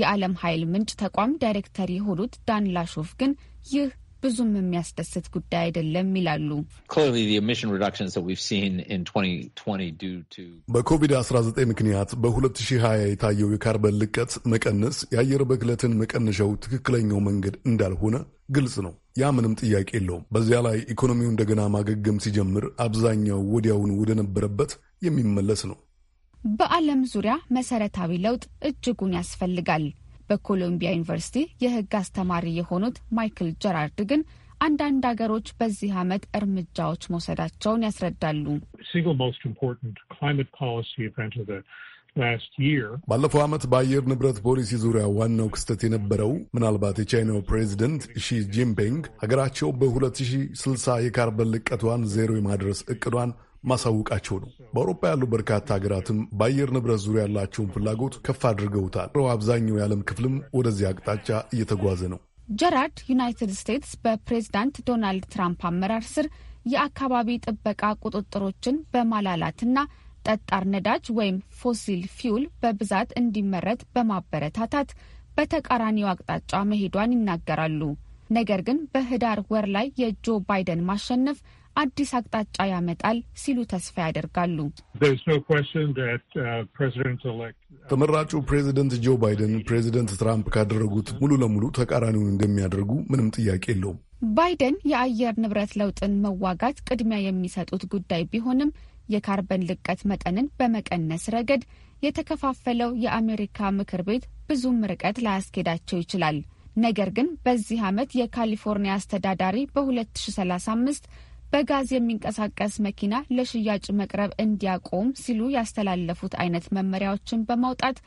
የዓለም ኃይል ምንጭ ተቋም ዳይሬክተር የሆኑት ዳን ላሾፍ ግን ይህ ብዙም የሚያስደስት ጉዳይ አይደለም ይላሉ። በኮቪድ-19 ምክንያት በ2020 የታየው የካርበን ልቀት መቀነስ የአየር ብክለትን መቀነሻው ትክክለኛው መንገድ እንዳልሆነ ግልጽ ነው። ያ ምንም ጥያቄ የለውም። በዚያ ላይ ኢኮኖሚው እንደገና ማገገም ሲጀምር አብዛኛው ወዲያውን ወደነበረበት የሚመለስ ነው። በዓለም ዙሪያ መሰረታዊ ለውጥ እጅጉን ያስፈልጋል። በኮሎምቢያ ዩኒቨርሲቲ የህግ አስተማሪ የሆኑት ማይክል ጀራርድ ግን አንዳንድ ሀገሮች በዚህ ዓመት እርምጃዎች መውሰዳቸውን ያስረዳሉ። ባለፈው ዓመት በአየር ንብረት ፖሊሲ ዙሪያ ዋናው ክስተት የነበረው ምናልባት የቻይናው ፕሬዚደንት ሺ ጂንፒንግ ሀገራቸው በ2060 የካርበን ልቀቷን ዜሮ የማድረስ እቅዷን ማሳወቃቸው ነው። በአውሮፓ ያሉ በርካታ ሀገራትም በአየር ንብረት ዙሪያ ያላቸውን ፍላጎት ከፍ አድርገውታል። አብዛኛው የዓለም ክፍልም ወደዚህ አቅጣጫ እየተጓዘ ነው። ጀራርድ ዩናይትድ ስቴትስ በፕሬዝዳንት ዶናልድ ትራምፕ አመራር ስር የአካባቢ ጥበቃ ቁጥጥሮችን በማላላትና ጠጣር ነዳጅ ወይም ፎሲል ፊውል በብዛት እንዲመረት በማበረታታት በተቃራኒው አቅጣጫ መሄዷን ይናገራሉ። ነገር ግን በህዳር ወር ላይ የጆ ባይደን ማሸነፍ አዲስ አቅጣጫ ያመጣል ሲሉ ተስፋ ያደርጋሉ። uh, uh, ተመራጩ ፕሬዚደንት ጆ ባይደን ፕሬዚደንት ትራምፕ ካደረጉት ሙሉ ለሙሉ ተቃራኒውን እንደሚያደርጉ ምንም ጥያቄ የለውም። ባይደን የአየር ንብረት ለውጥን መዋጋት ቅድሚያ የሚሰጡት ጉዳይ ቢሆንም የካርበን ልቀት መጠንን በመቀነስ ረገድ የተከፋፈለው የአሜሪካ ምክር ቤት ብዙም ርቀት ላያስኬዳቸው ይችላል። ነገር ግን በዚህ ዓመት የካሊፎርኒያ አስተዳዳሪ በ2035 በጋዝ የሚንቀሳቀስ መኪና ለሽያጭ መቅረብ እንዲያቆም ሲሉ ያስተላለፉት አይነት መመሪያዎችን በማውጣት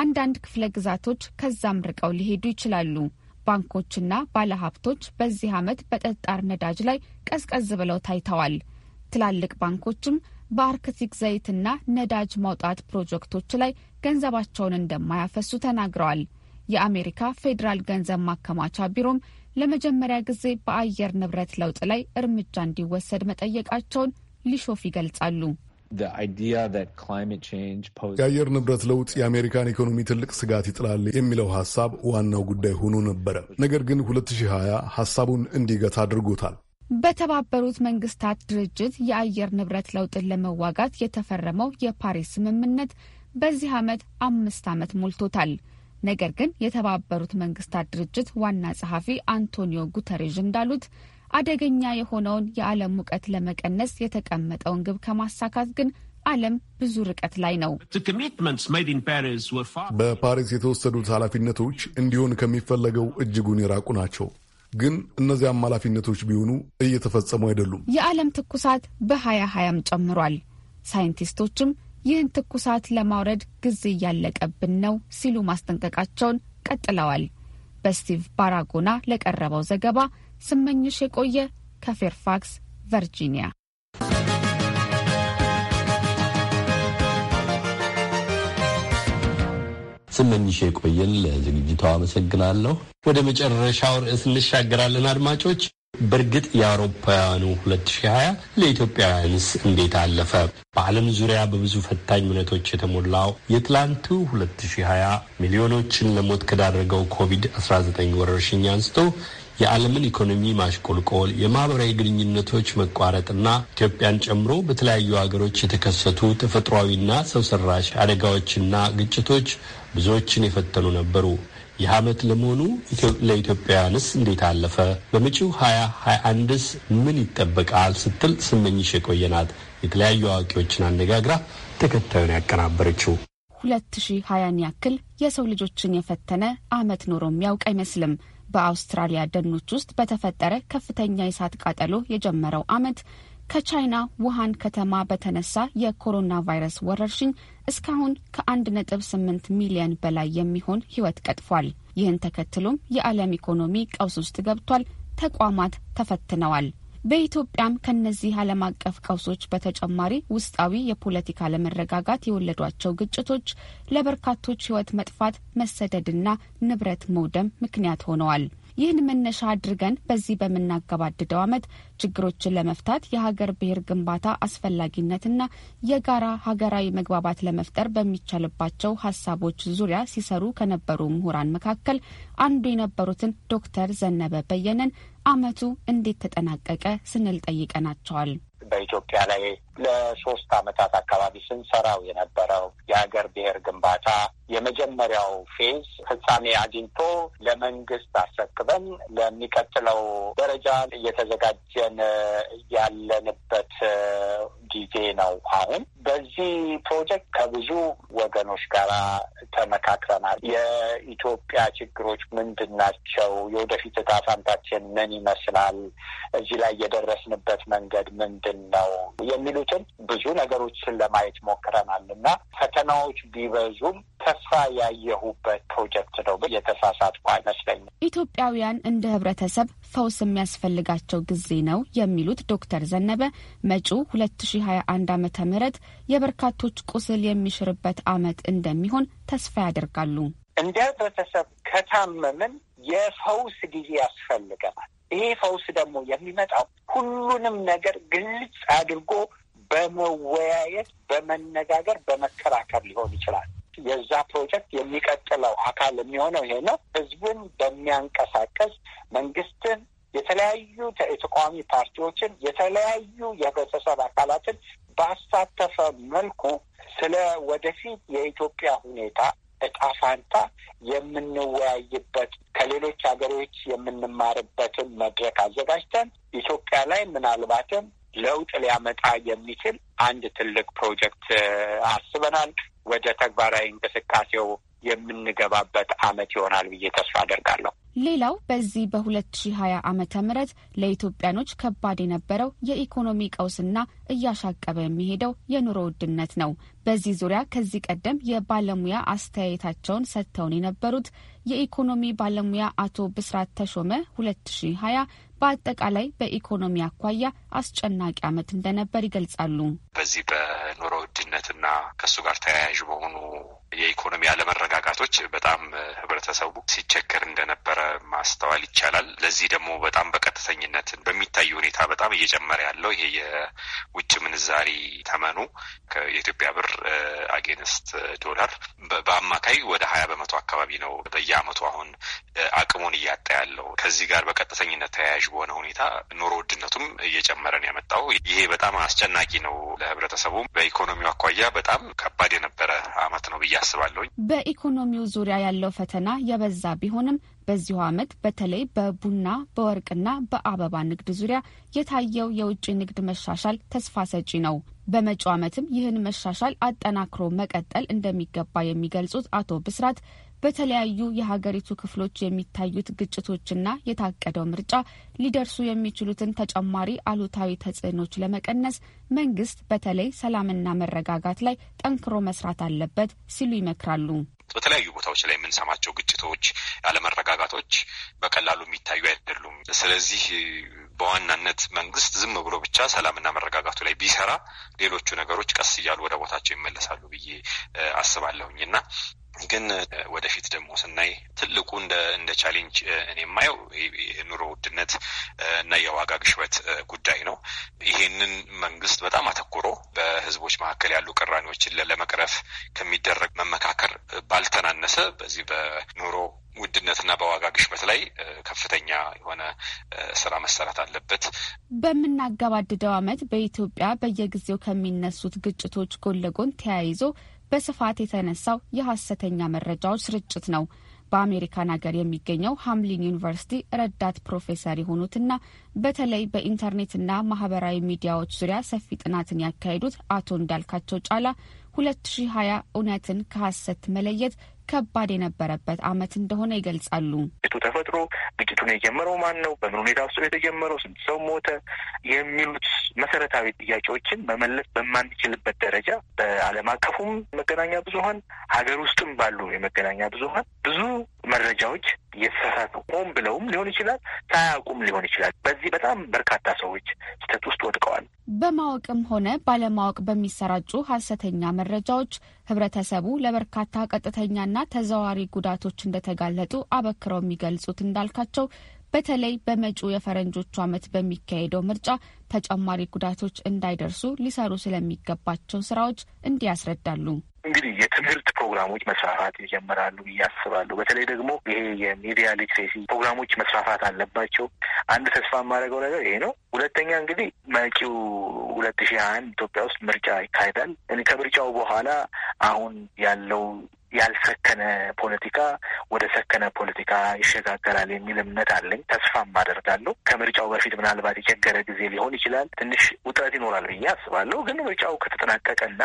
አንዳንድ ክፍለ ግዛቶች ከዛም ርቀው ሊሄዱ ይችላሉ። ባንኮችና ባለሀብቶች በዚህ ዓመት በጠጣር ነዳጅ ላይ ቀዝቀዝ ብለው ታይተዋል። ትላልቅ ባንኮችም በአርክቲክ ዘይትና ነዳጅ ማውጣት ፕሮጀክቶች ላይ ገንዘባቸውን እንደማያፈሱ ተናግረዋል። የአሜሪካ ፌዴራል ገንዘብ ማከማቻ ቢሮም ለመጀመሪያ ጊዜ በአየር ንብረት ለውጥ ላይ እርምጃ እንዲወሰድ መጠየቃቸውን ሊሾፍ ይገልጻሉ። የአየር ንብረት ለውጥ የአሜሪካን ኢኮኖሚ ትልቅ ስጋት ይጥላል የሚለው ሀሳብ ዋናው ጉዳይ ሆኖ ነበረ። ነገር ግን 2020 ሀሳቡን እንዲገታ አድርጎታል። በተባበሩት መንግስታት ድርጅት የአየር ንብረት ለውጥን ለመዋጋት የተፈረመው የፓሪስ ስምምነት በዚህ ዓመት አምስት ዓመት ሞልቶታል። ነገር ግን የተባበሩት መንግስታት ድርጅት ዋና ጸሐፊ አንቶኒዮ ጉተሬዥ እንዳሉት አደገኛ የሆነውን የዓለም ሙቀት ለመቀነስ የተቀመጠውን ግብ ከማሳካት ግን ዓለም ብዙ ርቀት ላይ ነው። በፓሪስ የተወሰዱት ኃላፊነቶች እንዲሆን ከሚፈለገው እጅጉን የራቁ ናቸው። ግን እነዚያም ኃላፊነቶች ቢሆኑ እየተፈጸሙ አይደሉም። የዓለም ትኩሳት በ2020ም ጨምሯል። ሳይንቲስቶችም ይህን ትኩሳት ለማውረድ ጊዜ እያለቀብን ነው ሲሉ ማስጠንቀቃቸውን ቀጥለዋል። በስቲቭ ባራጎና ለቀረበው ዘገባ ስመኝሽ የቆየ ከፌርፋክስ ቨርጂኒያ። ስመኝሽ የቆየን ለዝግጅቷ አመሰግናለሁ። ወደ መጨረሻው ርዕስ እንሻገራለን አድማጮች። በእርግጥ የአውሮፓውያኑ 2020 ለኢትዮጵያውያንስ እንዴት አለፈ? በዓለም ዙሪያ በብዙ ፈታኝ እውነቶች የተሞላው የትላንቱ 2020 ሚሊዮኖችን ለሞት ከዳረገው ኮቪድ-19 ወረርሽኝ አንስቶ የዓለምን ኢኮኖሚ ማሽቆልቆል፣ የማህበራዊ ግንኙነቶች መቋረጥና ኢትዮጵያን ጨምሮ በተለያዩ ሀገሮች የተከሰቱ ተፈጥሯዊና ሰው ሰራሽ አደጋዎችና ግጭቶች ብዙዎችን የፈተኑ ነበሩ። ይህ ዓመት ለመሆኑ ለኢትዮጵያውያንስ እንዴት አለፈ? በመጪው 2021ስ ምን ይጠበቃል? ስትል ስመኝሽ የቆየናት የተለያዩ አዋቂዎችን አነጋግራ ተከታዩን ያቀናበረችው 2020 ሀያን ያክል የሰው ልጆችን የፈተነ ዓመት ኖሮ የሚያውቅ አይመስልም። በአውስትራሊያ ደኖች ውስጥ በተፈጠረ ከፍተኛ የእሳት ቃጠሎ የጀመረው ዓመት ከቻይና ውሃን ከተማ በተነሳ የኮሮና ቫይረስ ወረርሽኝ እስካሁን ከ1.8 ሚሊዮን በላይ የሚሆን ሕይወት ቀጥፏል። ይህን ተከትሎም የዓለም ኢኮኖሚ ቀውስ ውስጥ ገብቷል። ተቋማት ተፈትነዋል። በኢትዮጵያም ከነዚህ ዓለም አቀፍ ቀውሶች በተጨማሪ ውስጣዊ የፖለቲካ አለመረጋጋት የወለዷቸው ግጭቶች ለበርካቶች ህይወት መጥፋት መሰደድና ንብረት መውደም ምክንያት ሆነዋል። ይህን መነሻ አድርገን በዚህ በምናገባድደው ዓመት ችግሮችን ለመፍታት የሀገር ብሔር ግንባታ አስፈላጊነትና የጋራ ሀገራዊ መግባባት ለመፍጠር በሚቻልባቸው ሀሳቦች ዙሪያ ሲሰሩ ከነበሩ ምሁራን መካከል አንዱ የነበሩትን ዶክተር ዘነበ በየነን ዓመቱ እንዴት ተጠናቀቀ ስንል ጠይቀናቸዋል። በኢትዮጵያ ላይ ለሶስት አመታት አካባቢ ስንሰራው የነበረው የሀገር ብሔር ግንባታ የመጀመሪያው ፌዝ ፍጻሜ አግኝቶ ለመንግስት አስረክበን ለሚቀጥለው ደረጃ እየተዘጋጀን ያለንበት ጊዜ ነው። አሁን በዚህ ፕሮጀክት ከብዙ ወገኖች ጋር ተመካክረናል። የኢትዮጵያ ችግሮች ምንድን ናቸው? የወደፊት እጣ ፈንታችን ምን ይመስላል? እዚህ ላይ የደረስንበት መንገድ ምንድን ነው? የሚሉ ያሉትን ብዙ ነገሮችን ለማየት ሞክረናል እና ፈተናዎች ቢበዙም ተስፋ ያየሁበት ፕሮጀክት ነው። የተሳሳትኩ አይመስለኝም። ኢትዮጵያውያን እንደ ህብረተሰብ ፈውስ የሚያስፈልጋቸው ጊዜ ነው የሚሉት ዶክተር ዘነበ መጪው ሁለት ሺ ሀያ አንድ አመተ ምህረት የበርካቶች ቁስል የሚሽርበት አመት እንደሚሆን ተስፋ ያደርጋሉ። እንደ ህብረተሰብ ከታመምን የፈውስ ጊዜ ያስፈልገናል። ይሄ ፈውስ ደግሞ የሚመጣው ሁሉንም ነገር ግልጽ አድርጎ በመወያየት በመነጋገር፣ በመከራከር ሊሆን ይችላል። የዛ ፕሮጀክት የሚቀጥለው አካል የሚሆነው ይሄ ነው። ህዝቡን በሚያንቀሳቀስ መንግስትን፣ የተለያዩ የተቃዋሚ ፓርቲዎችን፣ የተለያዩ የህብረተሰብ አካላትን ባሳተፈ መልኩ ስለ ወደፊት የኢትዮጵያ ሁኔታ እጣ ፋንታ የምንወያይበት ከሌሎች ሀገሮች የምንማርበትን መድረክ አዘጋጅተን ኢትዮጵያ ላይ ምናልባትም ለውጥ ሊያመጣ የሚችል አንድ ትልቅ ፕሮጀክት አስበናል። ወደ ተግባራዊ እንቅስቃሴው የምንገባበት አመት ይሆናል ብዬ ተስፋ አደርጋለሁ። ሌላው በዚህ በ2020 ዓመተ ምህረት ለኢትዮጵያኖች ከባድ የነበረው የኢኮኖሚ ቀውስና እያሻቀበ የሚሄደው የኑሮ ውድነት ነው። በዚህ ዙሪያ ከዚህ ቀደም የባለሙያ አስተያየታቸውን ሰጥተውን የነበሩት የኢኮኖሚ ባለሙያ አቶ ብስራት ተሾመ 2020 በአጠቃላይ በኢኮኖሚ አኳያ አስጨናቂ ዓመት እንደነበር ይገልጻሉ። በዚህ በኑሮ ውድነትና ከእሱ ጋር ተያያዥ በሆኑ የኢኮኖሚ አለመረጋጋቶች በጣም ህብረተሰቡ ሲቸገር እንደነበረ ማስተዋል ይቻላል። ለዚህ ደግሞ በጣም በቀጥተኝነት በሚታይ ሁኔታ በጣም እየጨመረ ያለው ይሄ የውጭ ምንዛሪ ተመኑ ከኢትዮጵያ ብር አጌንስት ዶላር በአማካይ ወደ ሀያ በመቶ አካባቢ ነው በየአመቱ አሁን አቅሙን እያጣ ያለው። ከዚህ ጋር በቀጥተኝነት ተያያዥ በሆነ ሁኔታ ኑሮ ውድነቱም እየጨመረ ነው የመጣው። ይሄ በጣም አስጨናቂ ነው ለህብረተሰቡ። በኢኮኖሚው አኳያ በጣም ከባድ የነበረ አመት ነው ብያ አስባለሁኝ። በኢኮኖሚው ዙሪያ ያለው ፈተና የበዛ ቢሆንም በዚሁ ዓመት በተለይ በቡና በወርቅና በአበባ ንግድ ዙሪያ የታየው የውጭ ንግድ መሻሻል ተስፋ ሰጪ ነው። በመጪው ዓመትም ይህን መሻሻል አጠናክሮ መቀጠል እንደሚገባ የሚገልጹት አቶ ብስራት በተለያዩ የሀገሪቱ ክፍሎች የሚታዩት ግጭቶችና የታቀደው ምርጫ ሊደርሱ የሚችሉትን ተጨማሪ አሉታዊ ተጽዕኖች ለመቀነስ መንግስት በተለይ ሰላምና መረጋጋት ላይ ጠንክሮ መስራት አለበት ሲሉ ይመክራሉ። በተለያዩ ቦታዎች ላይ የምንሰማቸው ግጭቶች፣ አለመረጋጋቶች በቀላሉ የሚታዩ አይደሉም። ስለዚህ በዋናነት መንግስት ዝም ብሎ ብቻ ሰላምና መረጋጋቱ ላይ ቢሰራ ሌሎቹ ነገሮች ቀስ እያሉ ወደ ቦታቸው ይመለሳሉ ብዬ አስባለሁኝ እና ግን ወደፊት ደግሞ ስናይ ትልቁ እንደ ቻሌንጅ እኔ የማየው የኑሮ ውድነት እና የዋጋ ግሽበት ጉዳይ ነው። ይሄንን መንግስት በጣም አተኩሮ በህዝቦች መካከል ያሉ ቅራኔዎችን ለመቅረፍ ከሚደረግ መመካከር ባልተናነሰ በዚህ በኑሮ ውድነትና በዋጋ ግሽበት ላይ ከፍተኛ የሆነ ስራ መሰራት አለበት። በምናገባድደው አመት በኢትዮጵያ በየጊዜው ከሚነሱት ግጭቶች ጎን ለጎን ተያይዞ በስፋት የተነሳው የሐሰተኛ መረጃዎች ስርጭት ነው። በአሜሪካን ሀገር የሚገኘው ሀምሊን ዩኒቨርሲቲ ረዳት ፕሮፌሰር የሆኑትና በተለይ በኢንተርኔትና ማህበራዊ ሚዲያዎች ዙሪያ ሰፊ ጥናትን ያካሄዱት አቶ እንዳልካቸው ጫላ 2020 እውነትን ከሐሰት መለየት ከባድ የነበረበት ዓመት እንደሆነ ይገልጻሉ። ግጭቱ ተፈጥሮ ግጭቱን የጀመረው ማን ነው? በምን ሁኔታ ውስጥ የተጀመረው? ስንት ሰው ሞተ? የሚሉት መሰረታዊ ጥያቄዎችን መመለስ በማንችልበት ደረጃ በዓለም አቀፉም መገናኛ ብዙኃን ሀገር ውስጥም ባሉ የመገናኛ ብዙኃን ብዙ መረጃዎች እየተሳሳቱ ሆን ብለውም ሊሆን ይችላል፣ ሳያውቁም ሊሆን ይችላል። በዚህ በጣም በርካታ ሰዎች ስህተት ውስጥ ወድቀዋል። በማወቅም ሆነ ባለማወቅ በሚሰራጩ ሀሰተኛ መረጃዎች ህብረተሰቡ ለበርካታ ቀጥተኛ አካላዊና ተዘዋዋሪ ጉዳቶች እንደተጋለጡ አበክረው የሚገልጹት እንዳልካቸው በተለይ በመጪው የፈረንጆቹ ዓመት በሚካሄደው ምርጫ ተጨማሪ ጉዳቶች እንዳይደርሱ ሊሰሩ ስለሚገባቸው ስራዎች እንዲህ ያስረዳሉ። እንግዲህ የትምህርት ፕሮግራሞች መስፋፋት ይጀምራሉ ብዬ አስባለሁ። በተለይ ደግሞ ይሄ የሚዲያ ሊትሬሲ ፕሮግራሞች መስፋፋት አለባቸው። አንድ ተስፋ የማደርገው ነገር ይሄ ነው። ሁለተኛ እንግዲህ መጪው ሁለት ሺህ አንድ ኢትዮጵያ ውስጥ ምርጫ ይካሄዳል። ከምርጫው በኋላ አሁን ያለው ያልሰከነ ፖለቲካ ወደ ሰከነ ፖለቲካ ይሸጋገራል የሚል እምነት አለኝ። ተስፋም አደርጋለሁ። ከምርጫው በፊት ምናልባት የቸገረ ጊዜ ሊሆን ይችላል። ትንሽ ውጥረት ይኖራል ብዬ አስባለሁ። ግን ምርጫው ከተጠናቀቀና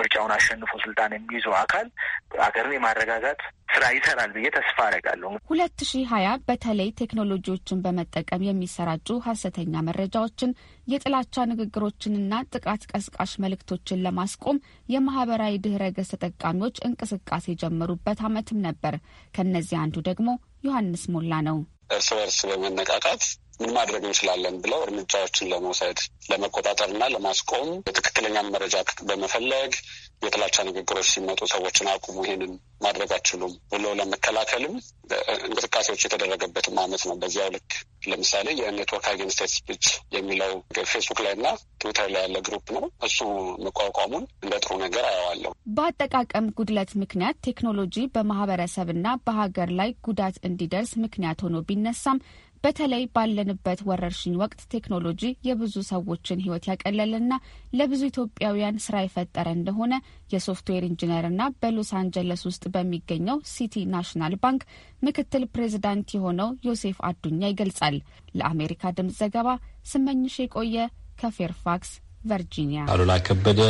ምርጫውን አሸንፎ ስልጣን የሚይዘው አካል አገርን የማረጋጋት ስራ ይሰራል ብዬ ተስፋ አደርጋለሁ። ሁለት ሺህ ሀያ በተለይ ቴክኖሎጂዎችን በመጠቀም የሚሰራጩ ሀሰተኛ መረጃዎችን የጥላቻ ንግግሮችንና ጥቃት ቀስቃሽ መልእክቶችን ለማስቆም የማህበራዊ ድህረ ገጽ ተጠቃሚዎች እንቅስቃሴ የጀመሩበት ዓመትም ነበር። ከእነዚህ አንዱ ደግሞ ዮሐንስ ሞላ ነው። እርስ በርስ በመነቃቃት ምን ማድረግ እንችላለን ብለው እርምጃዎችን ለመውሰድ ለመቆጣጠርና ለማስቆም ትክክለኛን መረጃ በመፈለግ የጥላቻ ንግግሮች ሲመጡ ሰዎችን አቁሙ፣ ይሄንን ማድረግ አችሉም ብሎ ለመከላከልም እንቅስቃሴዎች የተደረገበትም አመት ነው። በዚያው ልክ ለምሳሌ የኔትወርክ አጌንስት ሄት ስፒች የሚለው ፌስቡክ ላይ እና ትዊተር ላይ ያለ ግሩፕ ነው። እሱ መቋቋሙን እንደ ጥሩ ነገር አየዋለሁ። በአጠቃቀም ጉድለት ምክንያት ቴክኖሎጂ በማህበረሰብና በሀገር ላይ ጉዳት እንዲደርስ ምክንያት ሆኖ ቢነሳም በተለይ ባለንበት ወረርሽኝ ወቅት ቴክኖሎጂ የብዙ ሰዎችን ያቀለል ያቀለለና ለብዙ ኢትዮጵያውያን ስራ የፈጠረ እንደሆነ የሶፍትዌር ኢንጂነርና በሎስ አንጀለስ ውስጥ በሚገኘው ሲቲ ናሽናል ባንክ ምክትል ፕሬዚዳንት የሆነው ዮሴፍ አዱኛ ይገልጻል። ለአሜሪካ ድምጽ ዘገባ ስመኝሽ የቆየ ከፌርፋክስ ቨርጂኒያ። አሉላ ከበደ